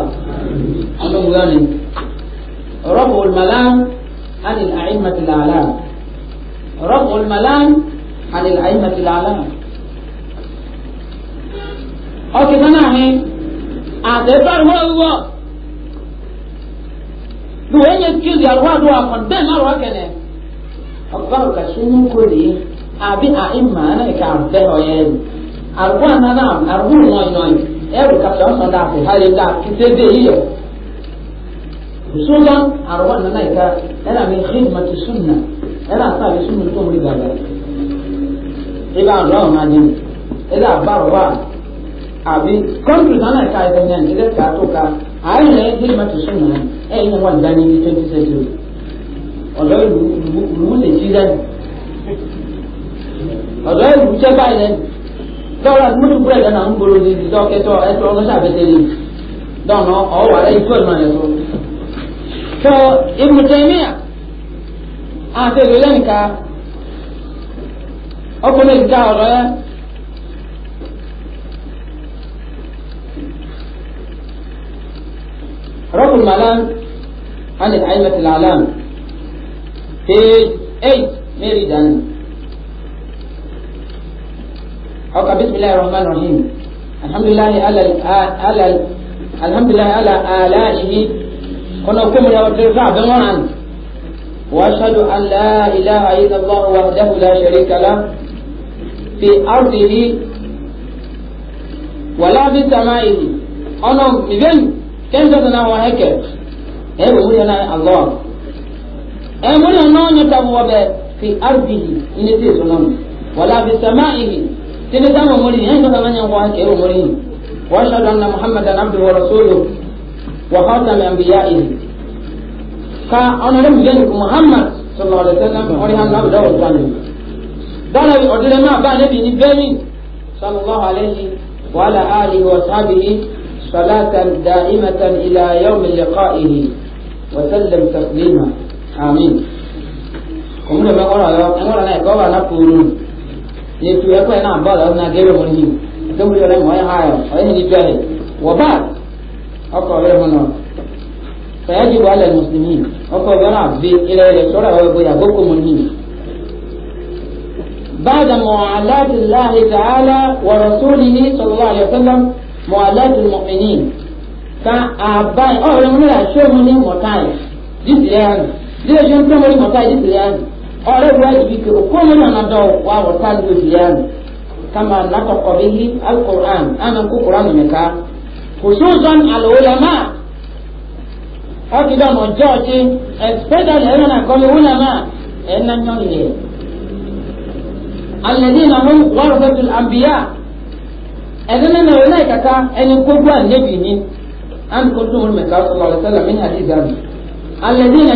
أنا مغاني رفع الملام عن الأئمة الأعلام رفع الملام عن الأئمة الأعلام أوكي أنا هي أعتبر هو الله لو أن يكيز يروى دوا فندم أروى كنه أقبل كسونو كله أبي أئمة أنا كأعتبر هو arugu anadam arugu nɔɔyi nɔɔyi ɛru kapsa ɔsan da afi hali da kite de yiyɛ sunna arugu anana yi ka ɛna mi hidima ti sunna ɛna asa gaba ebe adu ɛna abi kɔntu nana yi ka ka to ka na hidima ti sunna ɛyi na wa ndani ni twenty ɔdɔ yi lu lu lu le ti dɛ ɔdɔ yi lu tɛ ba dɔwɔra dumuni kura ka na n bolo ni dɔ kɛtɔ ɛtɔ ɔlɔ sa bɛ teli dɔn nɔ ɔ wala yi tuwɛri ma lɛ so so ibnu taymiya a te lele nin ka o ko ne ti ka ɔrɔ yɛ رب الملام عن الأئمة الأعلام page 8 ميري داني أوكا بسم الله الرحمن الرحيم الحمد لله على على الحمد لله على آلائه كنا كم يا يوترفع بمعنى وأشهد أن لا إله إلا الله وحده لا شريك له في أرضه ولا في سمائه أنا مبين كم تتنا وهيك إيه بقولنا الله إيه بقولنا نحن تبوا في أرضه إن تيسونم ولا في سمائه tini kama mori ni ndo kama nyango wake ro mori wa ashhadu anna muhammadan abduhu wa rasuluhu wa khatam anbiya'ihi ka onore mjen ku muhammad sallallahu alaihi wasallam ori han nabu dawo tani dala odire ma ba nabi ni bemi sallallahu alaihi wa ala alihi wa sahbihi salatan da'imatan ila yawm liqa'ihi wa sallam taslima amin kumule ma ora yo ngora na ko ba na purun ye tu ya kwa na bala na gebe mo ni to bi ole mo ya hayo o ni ni pele wa ba oko re mo no fa yajibu ala almuslimin oko gana bi ila ile sura wa bo ya boko mo ni بعد معالات الله تعالى ورسوله صلى الله عليه وسلم معالات المؤمنين كأبان أو لمن لا شو مني مطاي جزء يعني جزء جنب مني مطاي جزء يعني ọrẹ wajibi ke okun mu nana dɔw wa wata loziyanu kama nakɔkɔ bihi alquran ana ko quran mi ka khususan alulama ɔti dɔn mo jɔɔti especially ɛna na kɔmi ulama ɛna nyɔn yɛ alladina hum warasatul anbiya ɛdini na wɛlɛ kaka ɛni kogu anabi ni an kuntum mi ka sallallahu alaihi wa sallam min hadith abi alladina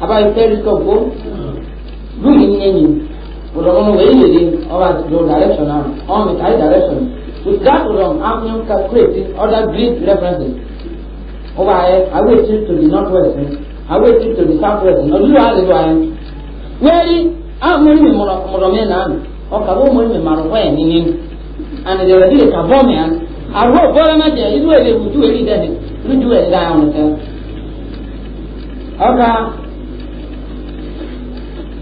aba repair it up go do ni nye nyi ọdọmọ náà wẹ́yìn lèdè ọba your direction am on the high direction with that ọdọm am yẹn ka create other great references ọba ayẹ awo eti to the north west awo eti to the south west ọdún yóò alẹ́ do ayẹ wẹ́ẹ́rì amọ̀ ní mi mọ̀rọ̀ mi nà mi ọkà bó mọ̀ ní mi mọ̀rọ̀ wọ́ ẹ̀ nínú and the ready ka bọ́ mi hàn àrùn bọ́lá má jẹ ìlú èlé wùdú èlé dẹ́ni lójú ẹ̀ dáhùn kẹ́ ọkà.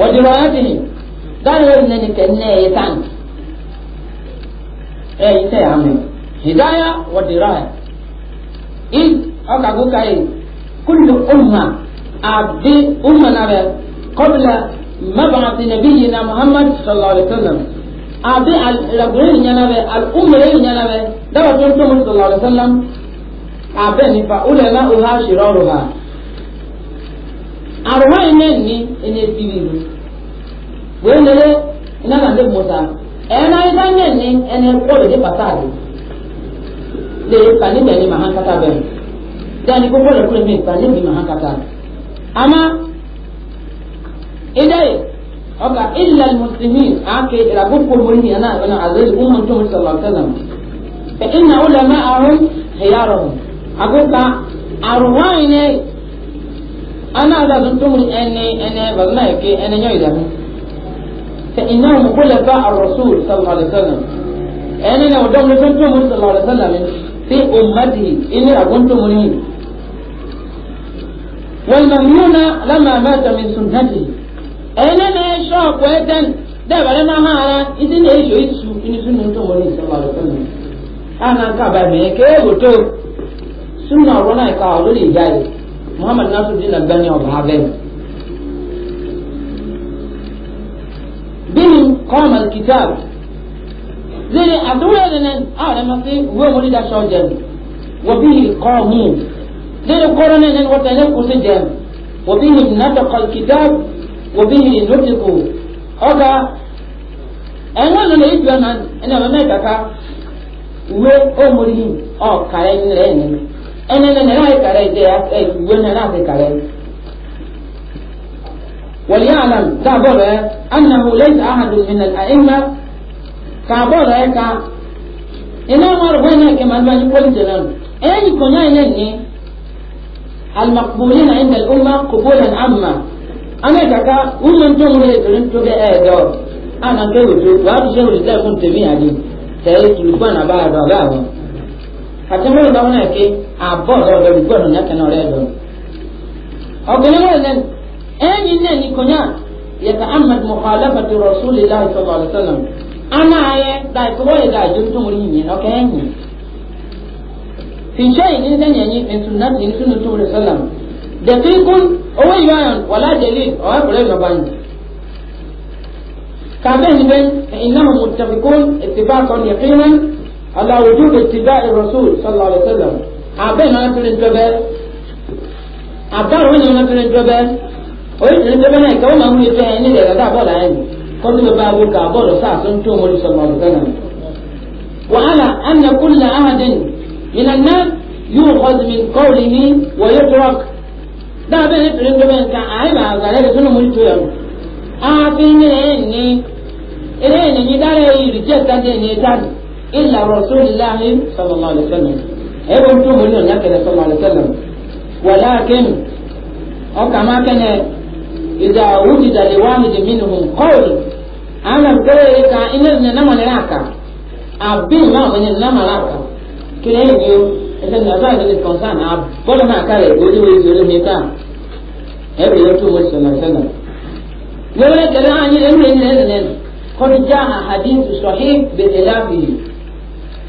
ودرايته قال له انني كاني يتعن اي تي عمي هدايه ودرايه اذ اكاكو كاي كل امه عبد امنا قبل مبعث نبينا محمد صلى الله عليه وسلم abe alagore nyanabe al'umre nyanabe dawa tontomori sallallahu alaihi wasallam abe ni fa ulama uha shiraruha arụwa ene nni ene biri ni wee nere ina na ndị mmụta ena ịta nye ni ene kwọrọ dị pasadi de pani bẹ ni ma ha kata ma ha ama ide ọka illa muslimin ake rabu ko mori ana ana ana ada dun tumri ene ene bagna ke ene nyoy da fa innahum khulafa ar-rasul sallallahu alaihi wasallam ene ne wadam ne tumri sallallahu alaihi wasallam fi ummati inni aguntu muni wal mamnuna lama mata min sunnati ene ne sha ko etan da bare na mara idin ne yo isu ni sunnu to muni sallallahu alaihi wasallam ana ka ba me ke goto sunna wona ka wuri jari Muhammad Nasiruddin Albani of Harvard. Bini kọ́m al-kitab. Zini àdúrà nínú àwọn ẹ̀ma sí wíwọ́n mo ní da sọ jẹun. Wọ́bí kọ́ọ̀mù. Zini kọ́ọ̀rọ̀ nínú wọ́n tẹ̀lé kùsì jẹun. Wọ́bí nàtọ̀kọ̀ al-kitab. Wọ́bí nùtìkù. Ọ̀gá ẹ̀wọ̀n nínú ìjọ náà ẹ̀nà mẹ́mẹ́ kàkà wíwọ́n ó mo ní ọ̀kà ẹ̀ ń rẹ̀ nínú. أنا لن أعيك علي دي أفئك ولن أعيك علي وليعلم تابورة أنه ليس أحد من الأئمة تابورة كا إنا مر وين كما ما يقول جنان أي كنا يني المقبولين عند الأمة قبولا عما أنا كا أمة تمرد تنتو بأيدو أنا كيف تقول وأنا شو اللي تقول تبيعني تقول تقول أنا بعد أبعد atemere dɔm na ke abɔ dɔw dɔ gbɔ no nyakɛ na ɔrɛ dɔ ɔgbɛnɛ wɛrɛ nɛ ɛnyi nɛ nikonya yɛta ahmed muhalafati rasulillahi sallallahu alaihi wasallam ana ayɛ dai tɔgɔ yɛ dai juntum ri nyi na ɔkɛ ɛnyi fisɛ yi ni sɛ nyɛnyi nsu na ni nsu ni tumuri sallam dɛtikun owó yi على وجوب اتباع الرسول صلى الله عليه وسلم أبين ما نفر الجبل أبين وين ما نفر الجبل وين الجبل هيك وما هو يتهين إذا لا بولا يعني كل ما بابوك أبولا ساس سنتوم ولي صلى الله عليه وسلم وعلى أن كل أحد من الناس يؤخذ من قوله ويترك ده أبين نفر الجبل كأعيب على ذلك سنو مجتوى أعطيني إني إني إني داري رجال تاني إني تاني illa rasulillahi sallallahu alaihi wasallam ebo ntu mo ni onyake ne sallallahu alaihi wasallam walakin o kama kene idha wujida liwahid minhum qawl ana bere ka ina ne na malaka abin ma mo ne na malaka kire ni ese na ba ni concern a bolo ma kare odi we zo ni ka ebe yo tu mo sallallahu alaihi wasallam wala kala ani emre ne ne qad jaa hadithu sahih bi khilafihi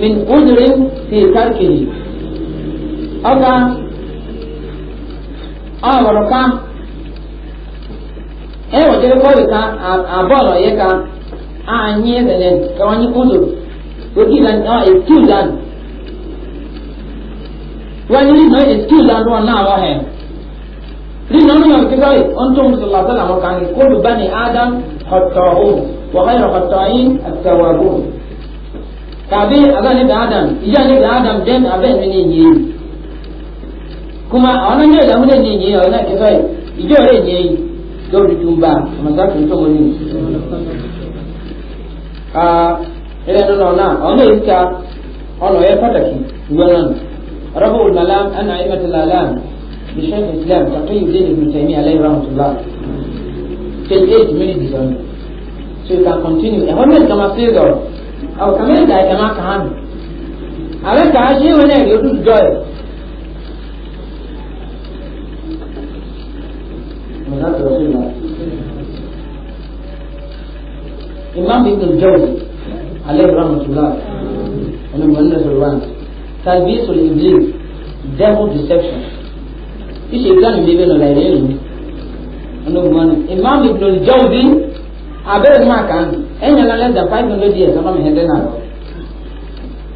min udrin fi tarkihi oga ọhụrụ ka e nwechara kọbi ka abọọlọ ya ka anyị ezele ka anyị udur okila ọ kabe aga ne adam iya ne adam den abe ne ne yi kuma a wannan ne da mu ne ne yi a wannan ke sai ijo re ne yi do du tumba kuma za ku to mu ne a ila no na ona iska ona ya fataki wannan rabu malam malam an aimat al-alam bi shaykh islam taqiy din ibn taymiyyah alayhi rahmatullah take 8 minutes on so you can continue and when it comes to أو كمان ده يتناقى عنه عملت عشان هناك يدوس جايب إمام ابن الجوزي عليه رحمة الله أنا مؤلف الوان تلبيس الإبليس devil deception إيش إبلان بيبين ولا يرين أنا مؤلف إمام ابن الجوزي abeg ma kan enyala less than five hundred years ọba mi hẹndẹ náà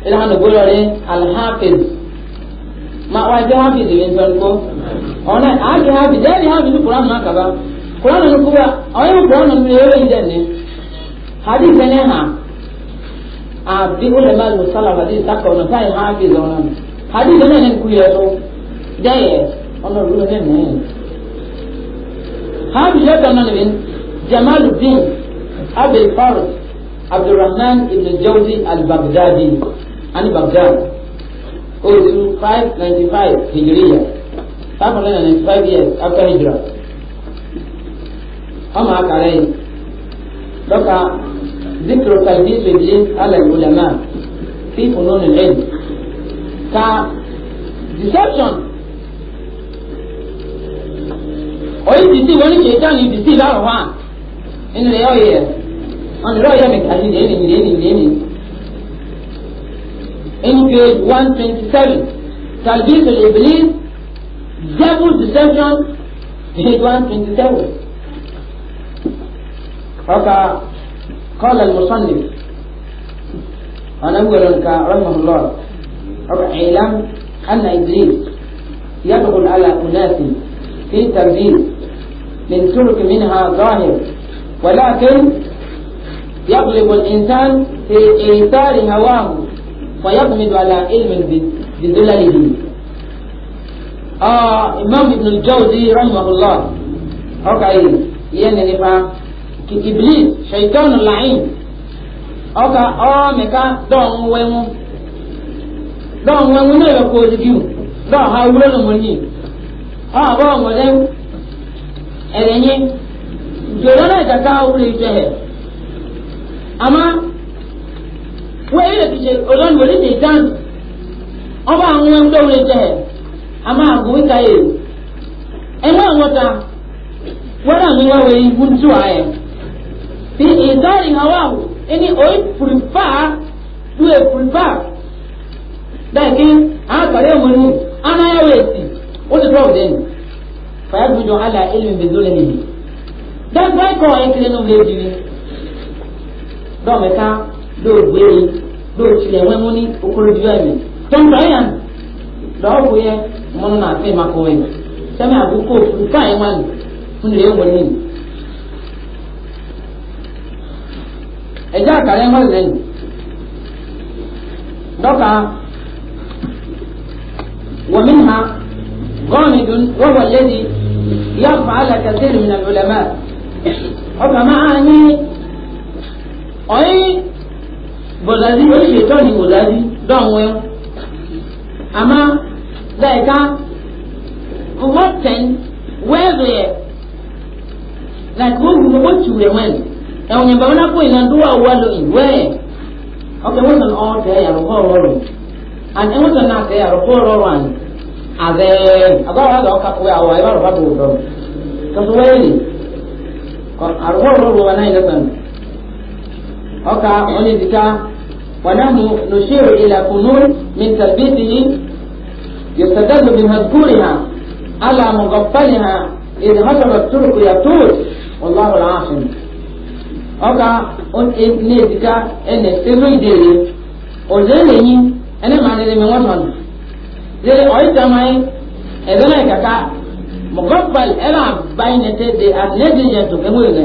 ilé hàn gbólọ rí alhafiz ma wà hafiz ìwé nsọ nkó ọ̀nà àgẹ hafiz jẹ́ẹ̀lì hafiz kuran náà kaba kuran náà kúwa ọ̀yẹ́ kuran náà mi yẹ́rẹ́ ìjẹ́ ha. hafiz أبي الفارس عبد الرحمن بن الجوزي البغدادي عن بغداد أوزن 595 هجرية 595 years after هجرة أما عليه بقى ذكر تلبيس إبليس على العلماء في فنون العلم ك deception oyin disi wọn ni kì í tán ni disi láàrú wa nínú ẹ̀ ọ́ yẹ. ان رأي من اهل العلم من اهل العلم ان في 127 تلبيس الابليس جابوا الدسامشن في 127 فقا قال المصنف انا اقول انك رحمه الله فقا علم ان ابليس يدخل على اناس في تلبيس من سلوك منها ظاهر ولكن يغلب الإنسان في إيثار هواه ويغمد على علم بذلله آه إمام ابن الجوزي رحمه الله أوكي يعني نفا إبليس شيطان اللعين أوكا أو مكا دون ويمو دون ويمو ما يكون زكيو دون هاولا نمني آه بابا مدام أرني جلونا إذا كاو بريجه ama wee ile kiche olon wele ne dan ọba àwọn ẹgbẹ́ wọlé jẹ ama àgùn wíkà yìí ẹgbẹ́ àwọn ta wọ́n àmì wá e ibú tí oyi pùrìfà lu ẹ pùrìfà dàkí àgbàdo ẹ̀wọ̀n ni anáyẹwò èsì ó ti dọ́ọ̀ dẹ́nu fàyàgbìjọ àlà ẹlẹ́mìbẹ̀dọ́lẹ́mìbì dàgbà ẹ̀kọ́ dɔw bɛ taa dɔw gbe ye dɔw tigɛ wɛmu ni o kolo juguya na se maka onwe ye sɛmɛ a ko ko nfa ye wani fun de enyi wɔni ye ɛdja kare ŋɔ ọyị bọlazi oṣù ètò ní bọlazi dọ̀nwẹ́ àmà ama wee like wọ́n wù wọ́n tù rẹ̀ wẹ́n ẹ̀wọ̀n yẹn bàbá náà kó ìlànà tó wà wà lọ ìwẹ́ ẹ̀ ọkẹ́ wọ́n sọ̀rọ̀ ọ̀hún tẹ̀ yàrá kọ́ ọ̀rọ̀ rẹ̀ àti wọ́n sọ̀rọ̀ ọrụ tẹ̀ yàrá kọ́ ọrụ rẹ̀ àná àbẹ̀ àbáwọ̀ àgbà ọ̀ka kọ́ àwọn àyẹ̀wò àrùbá tó wù dọ̀ ọkà onídìíká wọnàmù nùṣírù ilẹ̀ kùnú mi tàbídì yìí yòtàdàlù bí mẹkúrì hàn alàmù gọ̀pẹ́lì hàn ìdìmọ́sọ̀rọ̀ túrùkù yàtúr wọláhùn láàfin. ọkà onídìíká ẹnì sínú ìdèrè òzèlè yìí ẹni màá nílé mi wọ́n tọ̀nù. lẹ́yìn ọ̀yìn sàmáyé ẹ̀dọ́nà ìkàkà mọ̀gọ́pẹ́lì ẹ̀rọ àbáyé nẹ́tẹ́ de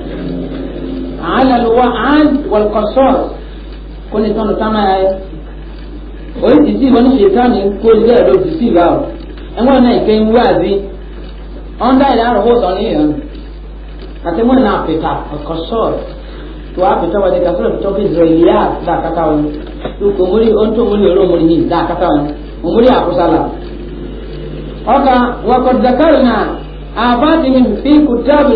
على الوعد والقصاص كل كانوا كما oríṣi tí ìwọ́n ní ṣètàn kó ilé ẹ̀rọ ti sí ìlà ọ̀ ẹ̀wọ̀n náà ìkẹ́ ń wá bí ọ̀ndà ìlà àrùbọ̀ sọ ní ìyẹn àti wọn náà pèta ọkọ sọọ̀rọ̀ tó wàá pèta wọn dẹka sọ̀rọ̀ pèta ọkọ ìzọ̀rẹ̀lì yá dá kátà wọn lóko mórí ohun tó mórí ọ̀rọ̀ mórí yìí dá kátà wọn òmórí àkọsálà. ọkà fi kùtà bí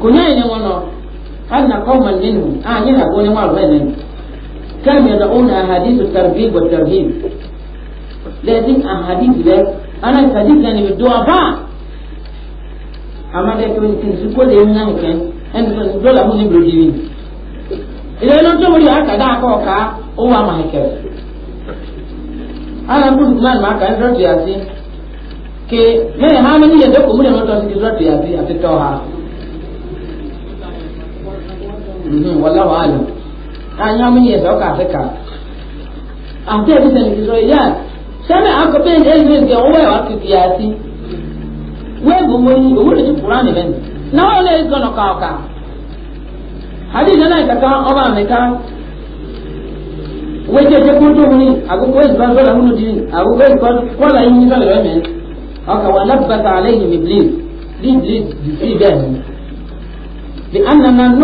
kunyaye ngono anna qauman minhum ah nyina ko ne maro bene kam yad'una ahadithu targhib wa tarhib lazim ahadith le ana ba amade ni tin ko le ngan ken en ko dola mu ni brodiwi ile no to muri aka da ko ka o wa ma heke ana ko man ma ka ndo ti asi ke me ha mani le do ko muri no to ti ndo ti asi ati to ha wallahu alam sauka ben na hadi na oba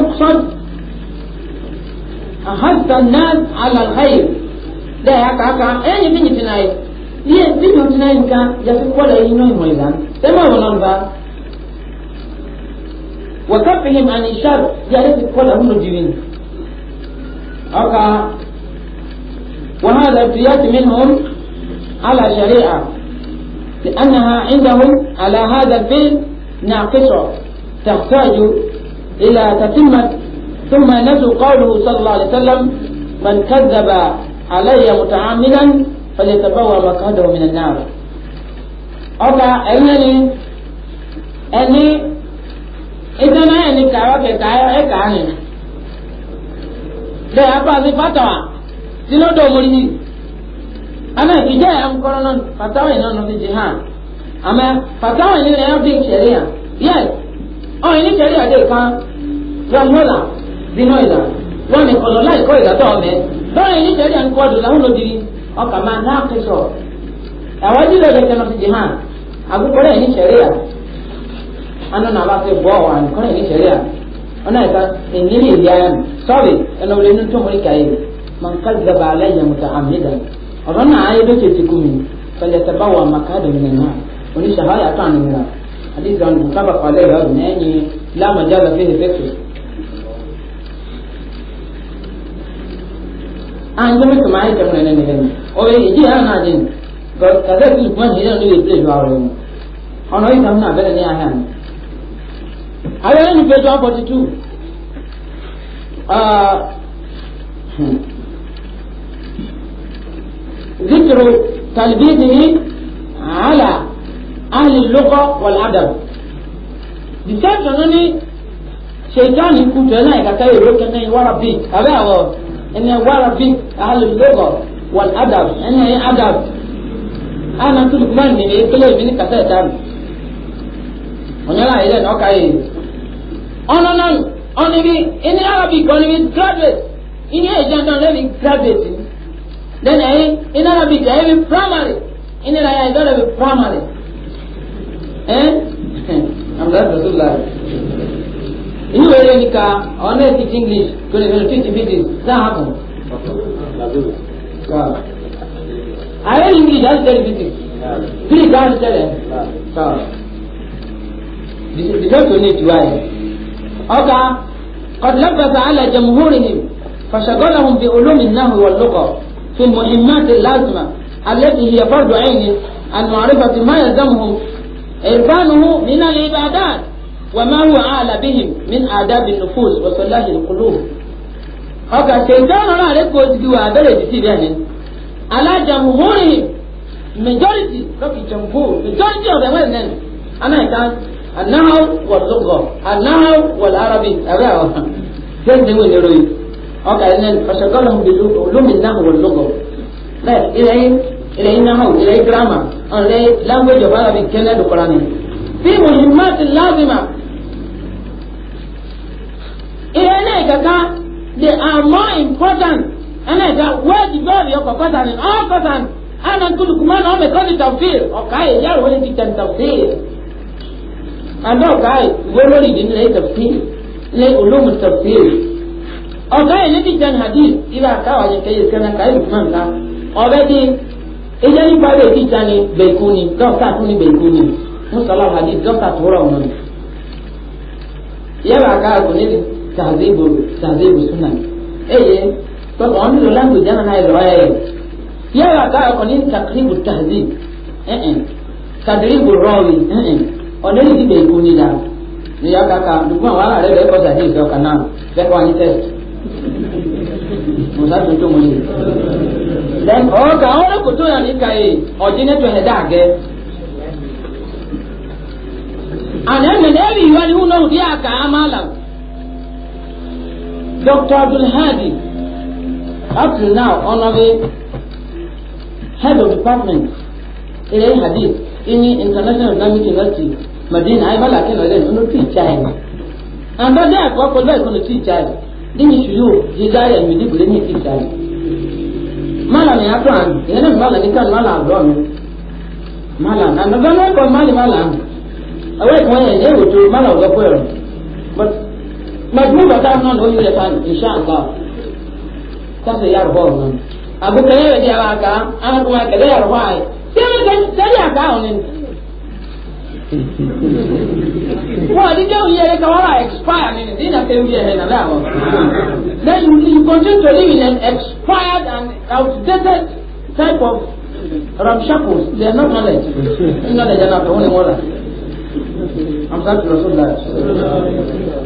la أخذت الناس على الخير لا هكا هكا أي مني تناي ليه بني تناي كان يسوع ولا ينوي مولدان تما ولنبا وكفهم عن الشر يعرف كل هم الجبين أكا وهذا ابتيات منهم على شريعة لأنها عندهم على هذا الفيل ناقصة تحتاج إلى تتمة ثم نزل قوله صلى الله عليه وسلم من كذب علي متعمدا فليتبوى مقعده من النار ọba ẹnìyẹnì ẹni ìdáná ẹni kàwá kẹta ẹka ni bẹẹ abáàbí fatawa sínúdọ mọlì yìí ana ìjà yà ń kọrọ náà fatawa yìí náà ti hàn àmọ fatawa yìí náà yà ń fi ìṣẹlẹ yẹ ọ yìí ní dé kan yọ mọlà zino ìlà lọ́nà ìkọlọ láìkọ́ ìdátọ̀ ọ̀mẹ́ lọ́nà ìní jẹ́rìí àǹkọ́ ọdún láwọn lóbìrì ọkà máa ná àkẹ́sọ̀ àwọn jíjọ lè tẹnu sí jihàn àgùkọ́rẹ́ ìní sẹ̀ríà anú nà bá ti bọ́ ọ̀ àgùkọ́rẹ́ ìní sẹ̀ríà ọ̀nà ìta ìnírí ìyá ẹ̀ sọ́ọ̀bì ẹnu wọlé inú tó mọ̀rí kàyé mà ń ká gbàgbà alẹ́ yẹn mùtà àmìdá ọ̀rọ̀ náà ayé ló ti tìkú mi fẹlẹ̀tẹ̀ bá wà má káàdì mi nà oníṣàhọ́ yàtọ̀ àná mi rà àdìsí àwọn olùkábàkọ̀ alẹ́ rẹ̀ ọ̀dùn ẹ̀yìn lámàjá lọ fi hẹ́fẹ́ fẹ́ anjami kama ayi kama nene nene o ye eji ya na jin ka ka tu kuma ni ya ni ye tele ba ro ono yi kama na bele ni aha ni ayo ni page 142 ah ذكر تلبيسه على أهل اللغة والأدب. دي سيف شيطان يكون تلاقي كتير يروح كنا يورا بيت. هذا هو أن ورثة أهل اللغة والأدب أن هي أدب أنا تلك من من يكلي من كسيتان onyala ile na ọka yi ọnọ na ọnọ bi ini arabic ọnọ bi graduate ini ejan na ọnọ bi graduate then ẹyi ini arabic ẹyi bi primary ini na ya ẹdọ bi primary ẹ amúlá ẹsẹ tó la inú eré ni ka ọ̀nà ètìtì english tó lè fẹ́ràn fifty fifty that happen. ayé english láti tẹ̀lé fifty three kan ti tẹ̀lé. dìsẹ́tò ní ìtura yẹn. ọkà kọ̀dùlẹ́gbàgbà alẹ́ jẹ̀múhórì ni fàṣàgọ́làhùn bí olómi náà wọ̀ lókọ̀ fi mọ̀hìmáàtì lázìmà alẹ́tì hiya fọ́ọ̀dù ẹ̀yìn àlùmọ̀ọ́rẹ́fà ti máa yẹ zàmùhùn ìbánuhùn وما هو أعلى بهم من آداب النفوس وصلاح القلوب ọkà ṣèǹtẹ́rọ náà lẹ́kọ̀ọ́ ti wà abẹ́rẹ́ ìdísí rẹ̀ ni alájàmúhórì majority lọ́kì jọ̀ǹbù majority of the world nẹ́nu anáìka anáhàw wọ̀lọ́gọ̀ anáhàw wọ̀lọ́ arabi ẹ̀rẹ́ ọ̀ ṣéǹ ní wọ́n lérò yìí ọkà ẹ̀ nẹ́nu ọ̀ṣọ́gọ́lọ́ olómi náà wọ̀lọ́gọ̀ bẹ́ẹ̀ ilẹ̀ ilẹ̀ náà ilẹ̀ grammar ọ̀rẹ́ language of arabic kẹ́lẹ́ lùkọ́ra ni. bí mo ṣe máa ti ìrẹ́lẹ̀ kankan they are more important ẹnna ìka wẹ́ẹ̀dì bẹ́ẹ̀rì ọkọ̀ kọ́sàn ọ́ kọ́sàn ẹnna kulukumọ́ náà ọmọ ìkọ́ni tàfíìr ọ̀ka yìí yàrá wọlé ti tẹ̀ tàfíìr àdó ọ̀ka yìí wọ́n lórí ìdí nílẹ̀ tàfíìr ní olóhùn tàfíìr ọ̀ka yìí ní ti tẹ̀ hadith ibà káwá yẹn kẹ́yẹ kẹ́nà káyé lùmọ̀ nǹka ọ̀bẹ di ilé nípa bẹ́ẹ̀ ti tẹ̀ ní bẹ̀kúni dọ́kítà tahzibu tahzibu sunan eye to ko onlo langu jana na ilo eye yara ka ko ni takribu tahzib eh eh tadribu rawi eh eh oneli di be ko ni da ni ya ka ka dukwa wa re be ko sahi so kana be ko ni test musa tuntun mo ni then o ka ore ko to kai ojine to he ge ana me ne wi wa ni uno Dr. Abdul Hadi, up till now, honorary head of department, Ilay Hadith, in the International Islamic University, Medina, I bala kena len, no teach him. And that day, I was going to teach him. Then you should do desire and medical, then you teach him. Malam ya tuan, ini kan malam ni kan malam dong. Malam, anda kan apa malam malam? Awak kau yang ni, tu malam kau pun. But majmu ba ta nan do yule fan insha Allah ta se yar ho nan abu kare ya ji ba ka an kuma ka da yar ho ai sai ka sai ya ka onin wa di jaw yere ka wala expire ni din na ke yere na lawo then you, you continue to live in an expired and outdated type of ramshackles they are not knowledge knowledge na only wani i am sorry sa rasulullah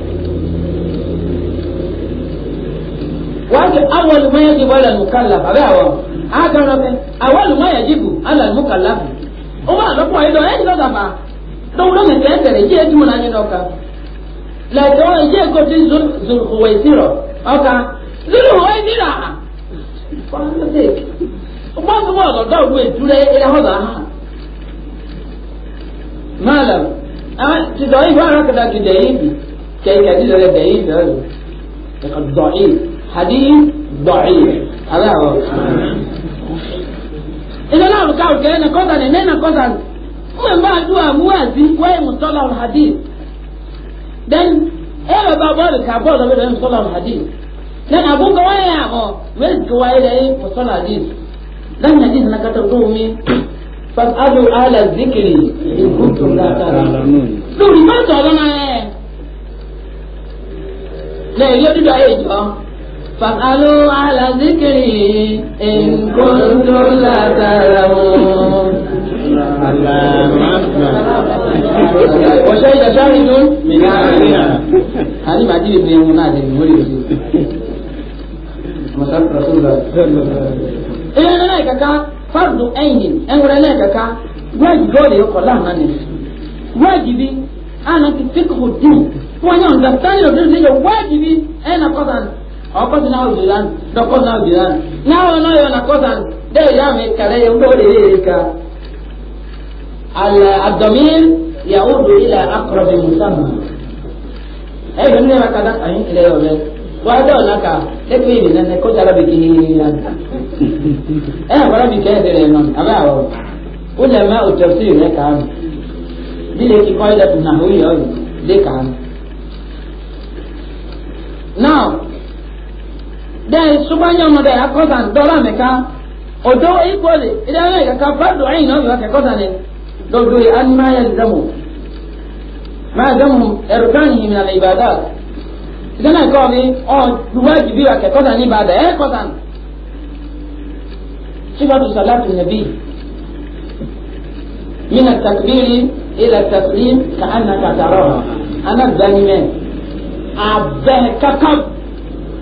wajib awal ma yajibu ala mukallaf abe awo aka na awal ma ala mukallaf o ma lo ko ido e do da ma do lo me je ka la do je ko ti zul zul zul na o ma ko ma do do we dure ha a i ra ka da ki de yi ke ka hadith da'if ala wa ila na ruka ruka na kosa ne nena kosa mu ba duwa mu wazi wai mutala al hadith then ebe ba ba ka ba da be mutala al hadith dan abun ga waya ho wai ga waya dai mutala hadith dan hadith na kata to mi fasalu ala zikri in kuntum la ta'lamun lórí má sọ̀rọ̀ náà ẹ̀ lẹ́yìn yóò dídọ̀ ayé ìjọ. فاسألوا أهل الذكر إن كنتم لا تعلمون وشهد شاهد من أهلها هذه بعدين ابن يوم نادي مولي مسألة رسول الله إلا أنا لا يكاكا فرض عين أنا لا يكاكا واجب دولي يقول الله ماني واجبي أنا في فقه الدين وأنا أندرتاني لو دولي واجبي أنا قضى ọ náà òjò lánà dọkọsi náà òjò lánà náà wọn náà yọ na dẹ ìyá mi kàlẹ yẹ ńgbọ lè lè ka alẹ adọmi yàwó do ilẹ akọrọbì musamman ẹ bẹ nílẹ bàtà dà ayi ilẹ yọ lẹ wà á dọwọ nàkà ẹ kò yìí nà kó jara bẹ kéhìhì lánà ẹ yà fọlá mi kẹ ẹ dẹrẹ nọ abẹ àwọ ó lẹ mẹ òtẹ sí rẹ kàn bí lè kíkọ́ ẹ dẹ tó ó yọ ọ yìí dé kàn. now then sumanya mo de akosan dola meka odo equally ida na ka ka Do ain no ka kosan ne do do an ma yalzamu ma damu irkanihi min al ibadat ida na ko ni o wajibi ka kosan ni ibada e kosan sifatu salatu nabi من التكبير إلى التسليم كأنك تراها أنا Ana من أبه ككب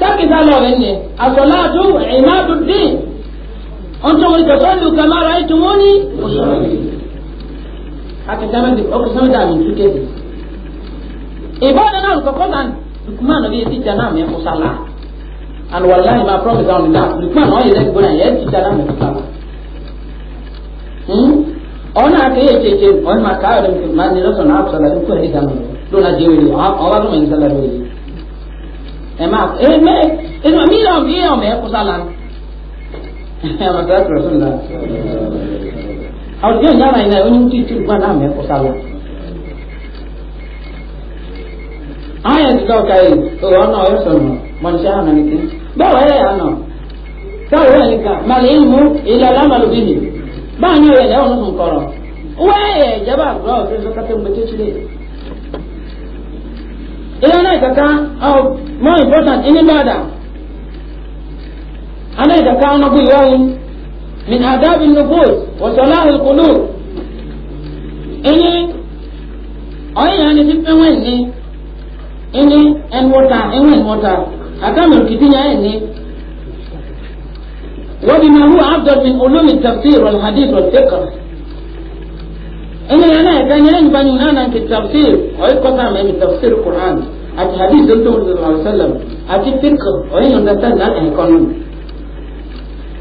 sákìtà lọ rẹ nìyẹn àsọláàdù ìmáàdù dín ọ̀ntọ́wọ̀n ìtọ́sọ́lù kàmára ètò wọn ní òṣèlú. akẹ́kẹ́mẹ́tì ọkùnrin dàbí two cases. ìbára náà lùkọ́kọ́ náà lùkùmá náà yẹ tíjà náà mẹ́kọ́ sálá and wàllá ìmá promise àwọn ìdá lùkùmá náà yẹ lẹ́gbẹ̀ẹ́ náà yẹ tíjà náà mẹ́kọ́ sálá. Hmm? ọ̀nà àkẹ́yẹ tètè ọ̀nà màkà ọ̀rẹ́mìtì máa ní lọ́sọ̀nà àbùsọ̀lá mouth. Amen. It's not me on the on there, Kusalan. I'm a bad person. I was young, and I only teach you one arm, Kusalan. I had to go, okay, oh, I know, yes, I know. One shall anything. But I know. Sáré wẹ̀ nìkan màlẹ́ ń mú ilé alámàlú bí mi. Báwo ni ìrẹ̀lẹ̀ ọ̀nà kan kọ̀rọ̀? Wọ́n ẹ̀yẹ̀ ìjọba àgbà ọ̀gbìn sọ́kàtà ń gbé tó sílé ina na kaka au more important ini bada ana kaka ono bi yayi min adab an-nufus wa salah al-qulub ini oya ni tipe wenni ini en water en water akama kitinya ini وبما هو أفضل من علوم التفسير والحديث والفقه أنا أنا كان يعني بني أنا أنا التفسير أي قطع من تفسير القرآن أتي حديث النبي صلى الله عليه وسلم أتي فقه أي understand أنا economic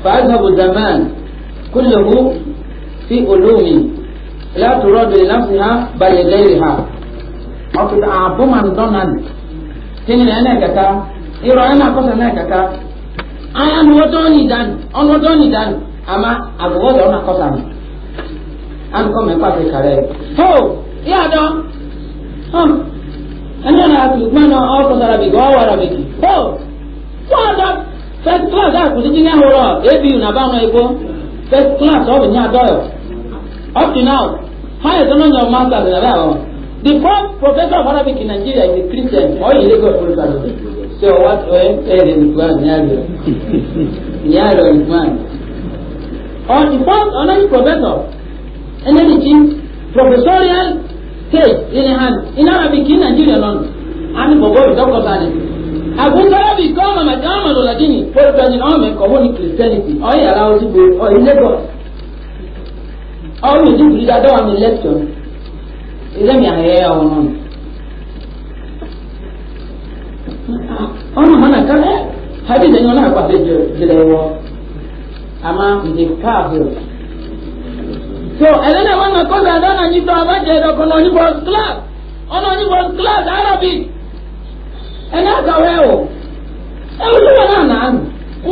فأذهب زمان كله في علوم لا تراد لنفسها بل لغيرها أنا أعبما أنا تنين أنا كتا إيرو أنا قصة أنا كتا أنا وطني دان أنا وطني دان أما أبغض أنا قصة an kome kwase kare ho ya don hum ana na ku mana o ko sara bi go wara bi ho wa da first class a ku jinya horo e bi na ba no ibo e first class o bi nya doyo up to now higher than your master na ba the first professor of arabic in nigeria is a christian or he go for service so what when eh, eh in plan nyaro nyaro in plan or the first honorary professor and then it is hand in Arabic in Nigeria non ami gbogbo bi dɔkɔ ba ni aguntara bi kɔ mama jama ma lɔla gini politɔni ɔmɛ kɔmɔ ni christianity ɔyɛ ala o ti bo ɔyɛ lagos ɔyɛ o ti biri da dɔw ami lecture ɛdɛmi ahɛyɛ nɔn mana kan ɛ habi dɛnyɔ náà kɔ afɛ jɛlɛ wɔ ama nde so ẹlẹ́nà wọn nà kọ́sà dáná yín tó abájẹ ẹ̀dọ̀kọ̀ náà ní bọ́s class ọ̀nà ní bọ́s class arabic ẹ̀nà àkàwé o ẹ̀wọ̀n ló wà náà nà án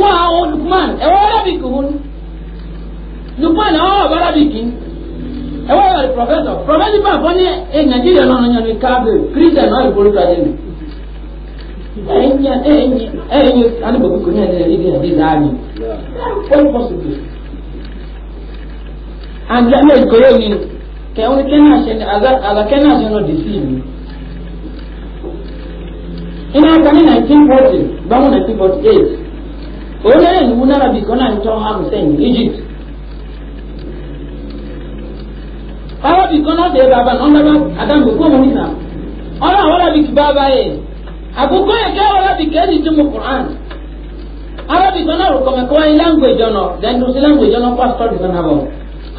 wọ́n á old man ẹ̀wọ̀n arabic wọn lukman ẹ̀wọ̀n ọ̀bọ̀ arabic ni ẹ̀wọ̀n ọ̀bọ̀ rẹ̀ professor professor bá fọ́ ní ẹ̀ nàìjíríà náà yàn ní káàbẹ̀ christian náà ìforí tó adé mi ẹ̀yìn ẹ̀yìn ẹ̀yìn agame koro ni ke on kena shen aga aga kena shen no deceive ina kani 1940 bangu 1948 ona ni una na bikona nto am sen egypt awa bikona de baba onda ba adam ko mo ni na ona wala bik baba e agogo e ke wala bik e ti mo qur'an arabic ona ro ko me language ono then to language ono pastor di na ba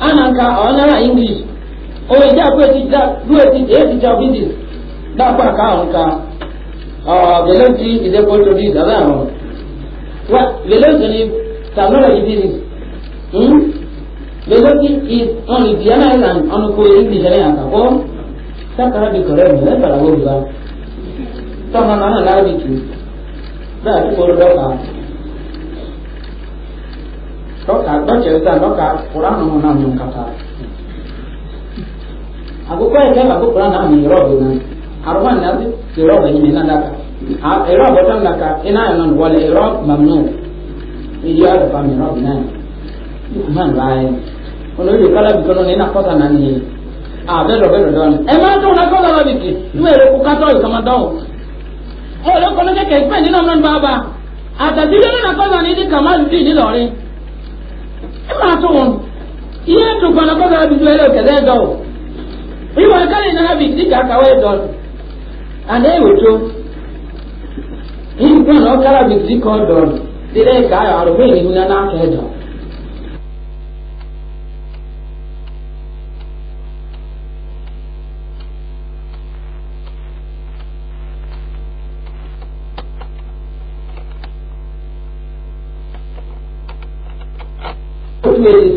ana nka ọnara english onye ji akwa eticha bidis dakwa eti ahụ nka veloti idekwoto dis ala ahụ veloti ni technology business is only the island ọnụkwu e english ala ya kakwo sakara bi kọrọ ẹmu ẹ bara wo bi wa tọmọ náà náà lára doka doche da doka kurang mo na nyum kata Aku kau yang ago kurang nama mi robo dengan. arwan na ti robo ni nak. daka a robo tan daka ina non wala rob mamnu ili ala pa mi robo na man bai ah, ono yo kala bi kono na kosa na ni a be robo robo don e ma to na kosa na biki duwe ko kato kama dawo o lo kono ke ke pe ni na non baba atadile na kosa ni di kamalu di ni lorin Platọn ihe tụkwana e gbọdọ abidoro okele dọọ iwe akarị na abi dịka akawa dọọ a na-eweto ihe na ọkara bi dịka ọ dọọ dịrị ka a yọrọ bụ enyi na n'aka dọọ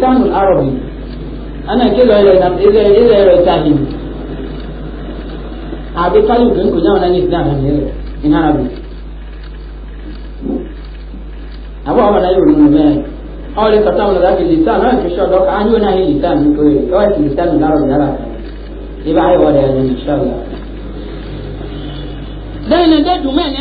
lisanul arabi ana kilo ile na ile e ile e ile tahi abi kali kun kunya wana ni islam ni ile in arabi abu ama dai ni me awle kata wana dai lisan ha kisha dok anyo na ile lisan ni ko ile ko lisan na arabi na iba e ai wala ni inshallah dai ne dai dume ni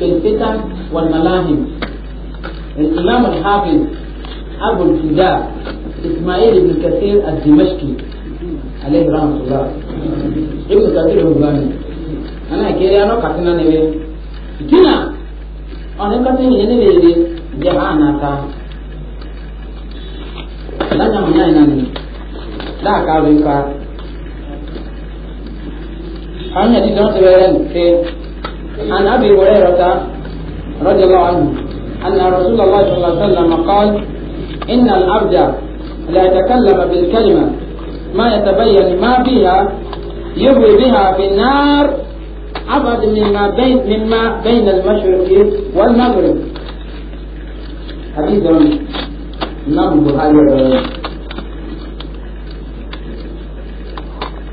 في الفتن والملاهم الإمام الحافظ أبو الفداء إسماعيل بن كثير الدمشقي عليه رحمة الله ابن كثير الهباني أنا كيري أنا كاتنا نبي كنا أنا كاتنا نبي جهانا تا لا نعمل نعمل لا كابين كا أنا دي دون سبيرن كي عن أبي هريرة رضي الله عنه أن رسول الله صلى الله عليه وسلم قال إن العبد لا يتكلم بالكلمة ما يتبين ما فيها يهوي بها في النار أبعد مما بين مما بين المشرق والمغرب حديث الإمام البخاري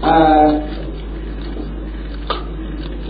آه،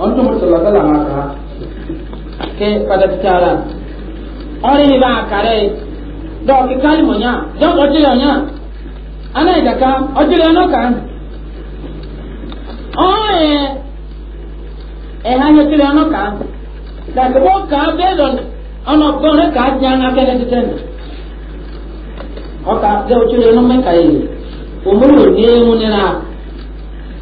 on to mursallallahu alaihi wasallam aka ke pada bicara ori ba kare do ki kalimo nya do ojire nya ana idaka ojire no kan oye e ha yo ojire no kan da ko ka be don ono ko ne ka jana ke ne tete o ka de ojire no me kai umuru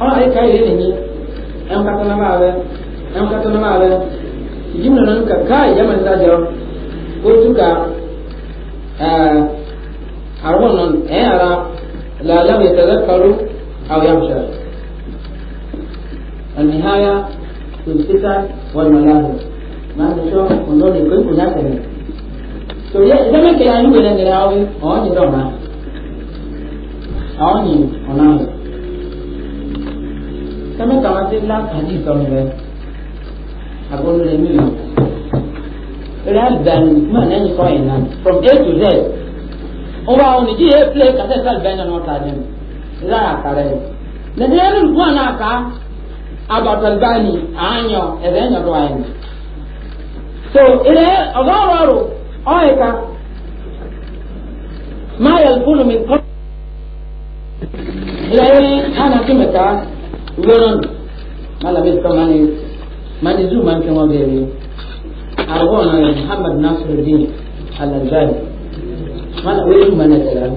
ɔn ayi kaa yɛrɛ nyi ɛn kata na maa bɛ ɛn kata na maa bɛ yim na nan ka kaa yɛmɛ da jɔ o tu ka ɛɛ arabɔ nɔn ɛn ara laalam yɛ tɛ zakaru aw yam sɛ النهاية والفتن والملاهي ما نشوف ونقول لكم كنا سنين so idan mai kira yi wele ne rawi a wani rama a wani onami sẹ́mi kàwọn ti lákàdí sọ̀rọ̀ rẹ̀ àgbọ̀nù rẹ̀ mímu real bẹ̀rù mọ̀ lẹ́yìn kọ́ yẹn náà from a to z wọ́n bá wọn nìjí yẹn play kàtẹ́ sẹ́l bẹ́ẹ̀ náà ọ̀tá dẹ́nu ìlà àkàrẹ́ yẹn lẹ́yìn ẹni nìkú àná àká abatali báyìí àányọ ẹ̀rẹ́ ẹ̀yọ tó àyẹ̀ mi so ilẹ̀ ọ̀gá ọ̀rọ̀ ọ̀yẹ̀ka máyà fúnmi kọ́ ilẹ̀ yẹn ànàtúmẹ̀ká. wẹ́rọ̀n malamin kan mani mani zu man kan wage ne arwon na muhammad nasiruddin al-albani mana wai zu mana tsara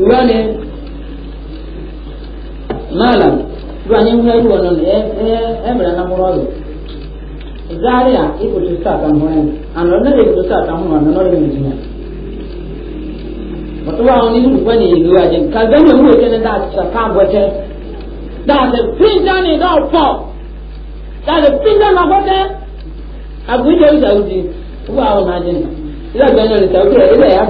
wani malam wani wani wani ne ya mura na murabi zaria iko to start am and on ne to start am hoen no ne jinya wato wa oni ku bani ni wa jin ka ga ne mu ke ne da ka bote da ne pinda ne da po da ne pinda bote abu je da uji wa wa na jin ila ya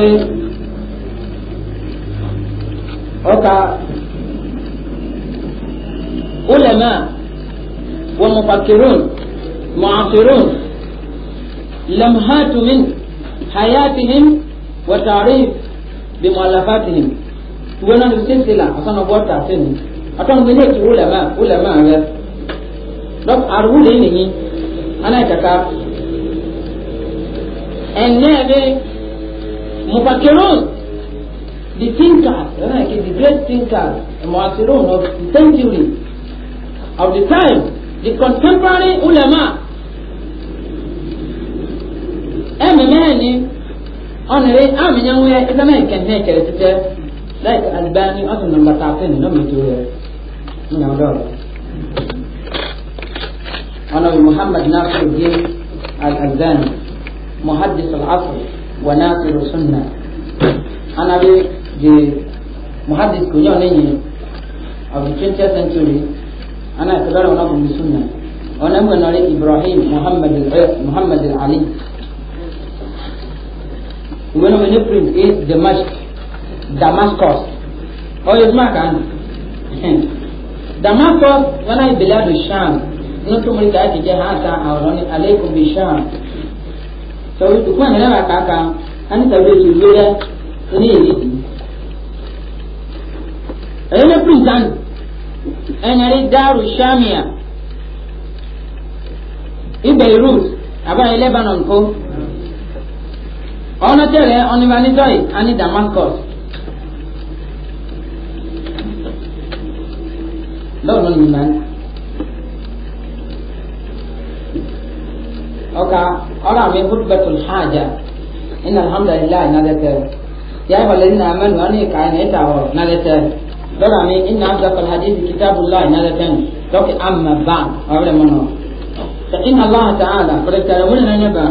e na علماء ومفكرون معاصرون لمحات من حياتهم وتعريف بمؤلفاتهم وانا نسلسلة عشان أبوات تعسيني أتون بنيت علماء علماء لو أرغول إنه أنا يتكار النبي مفكرون the thinkers, the great thinkers, المعاصرون of the century of the time, the contemporary ulama, ememeni onere aminyanwe ezame kenne keretete like albani also number 13 no me tuwe no dole انا محمد ناصر الدين الالباني محدث العصر وناصر السنه انا the محدث كنيو of the 20th century أنا اعتبره نقل السنة أقول نريد إبراهيم محمد العيس محمد العلي ومن من يبرد إيه دمشق دمشقوس أو يسمع كان دمشقوس وانا بلاد الشام نتو مريد أتي جهاتا أو نوني عليكم بالشام سويت كمان لما كاكا أنا سويت الجودة نيلي أنا بريد ẹnyẹri daaru shamia ibeirut abayi lebanon ko ọ̀nà tẹ̀lẹ̀ ọ̀nìbanitọ́yì àní damascus lọ́ọ̀nù nìyẹn ọkà ọ̀rọ̀ àmì hudbatul hajj ina alhamdulilayi nàdẹ́tẹ̀ yàrá ìbàlẹ̀ nínú amẹ́nu ọ̀nà ìka ẹ̀ nà ẹ̀ta ọ̀ nàdẹ́tẹ̀ lọ́la ni iná àdàkọ̀ hadithi kitabu láì nàlẹ́ tẹ́nu lọ́kì àmà bá ọ̀rẹ́ mọ́nà. فإن الله تعالى قد اكترمون نبا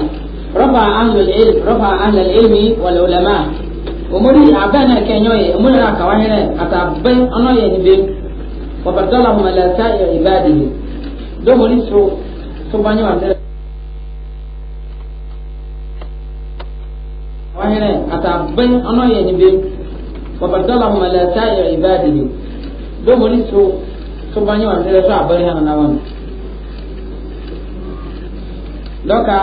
رفع أهل العلم رفع أهل العلم والعلماء ومري أبانا كنيوي أمور كواهر أتابين أنا ينبين وبدلهم على سائر عباده دوم لسو سبحانه وتعالى كواهر أتابين أنا ينبين وفضلهم على سائر عباده دو مريسو سبحانه وتعالى سوى بريها نوان لوكا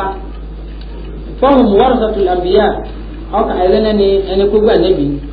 فهم ورثة الأنبياء أو كأذنني أن يكون النبي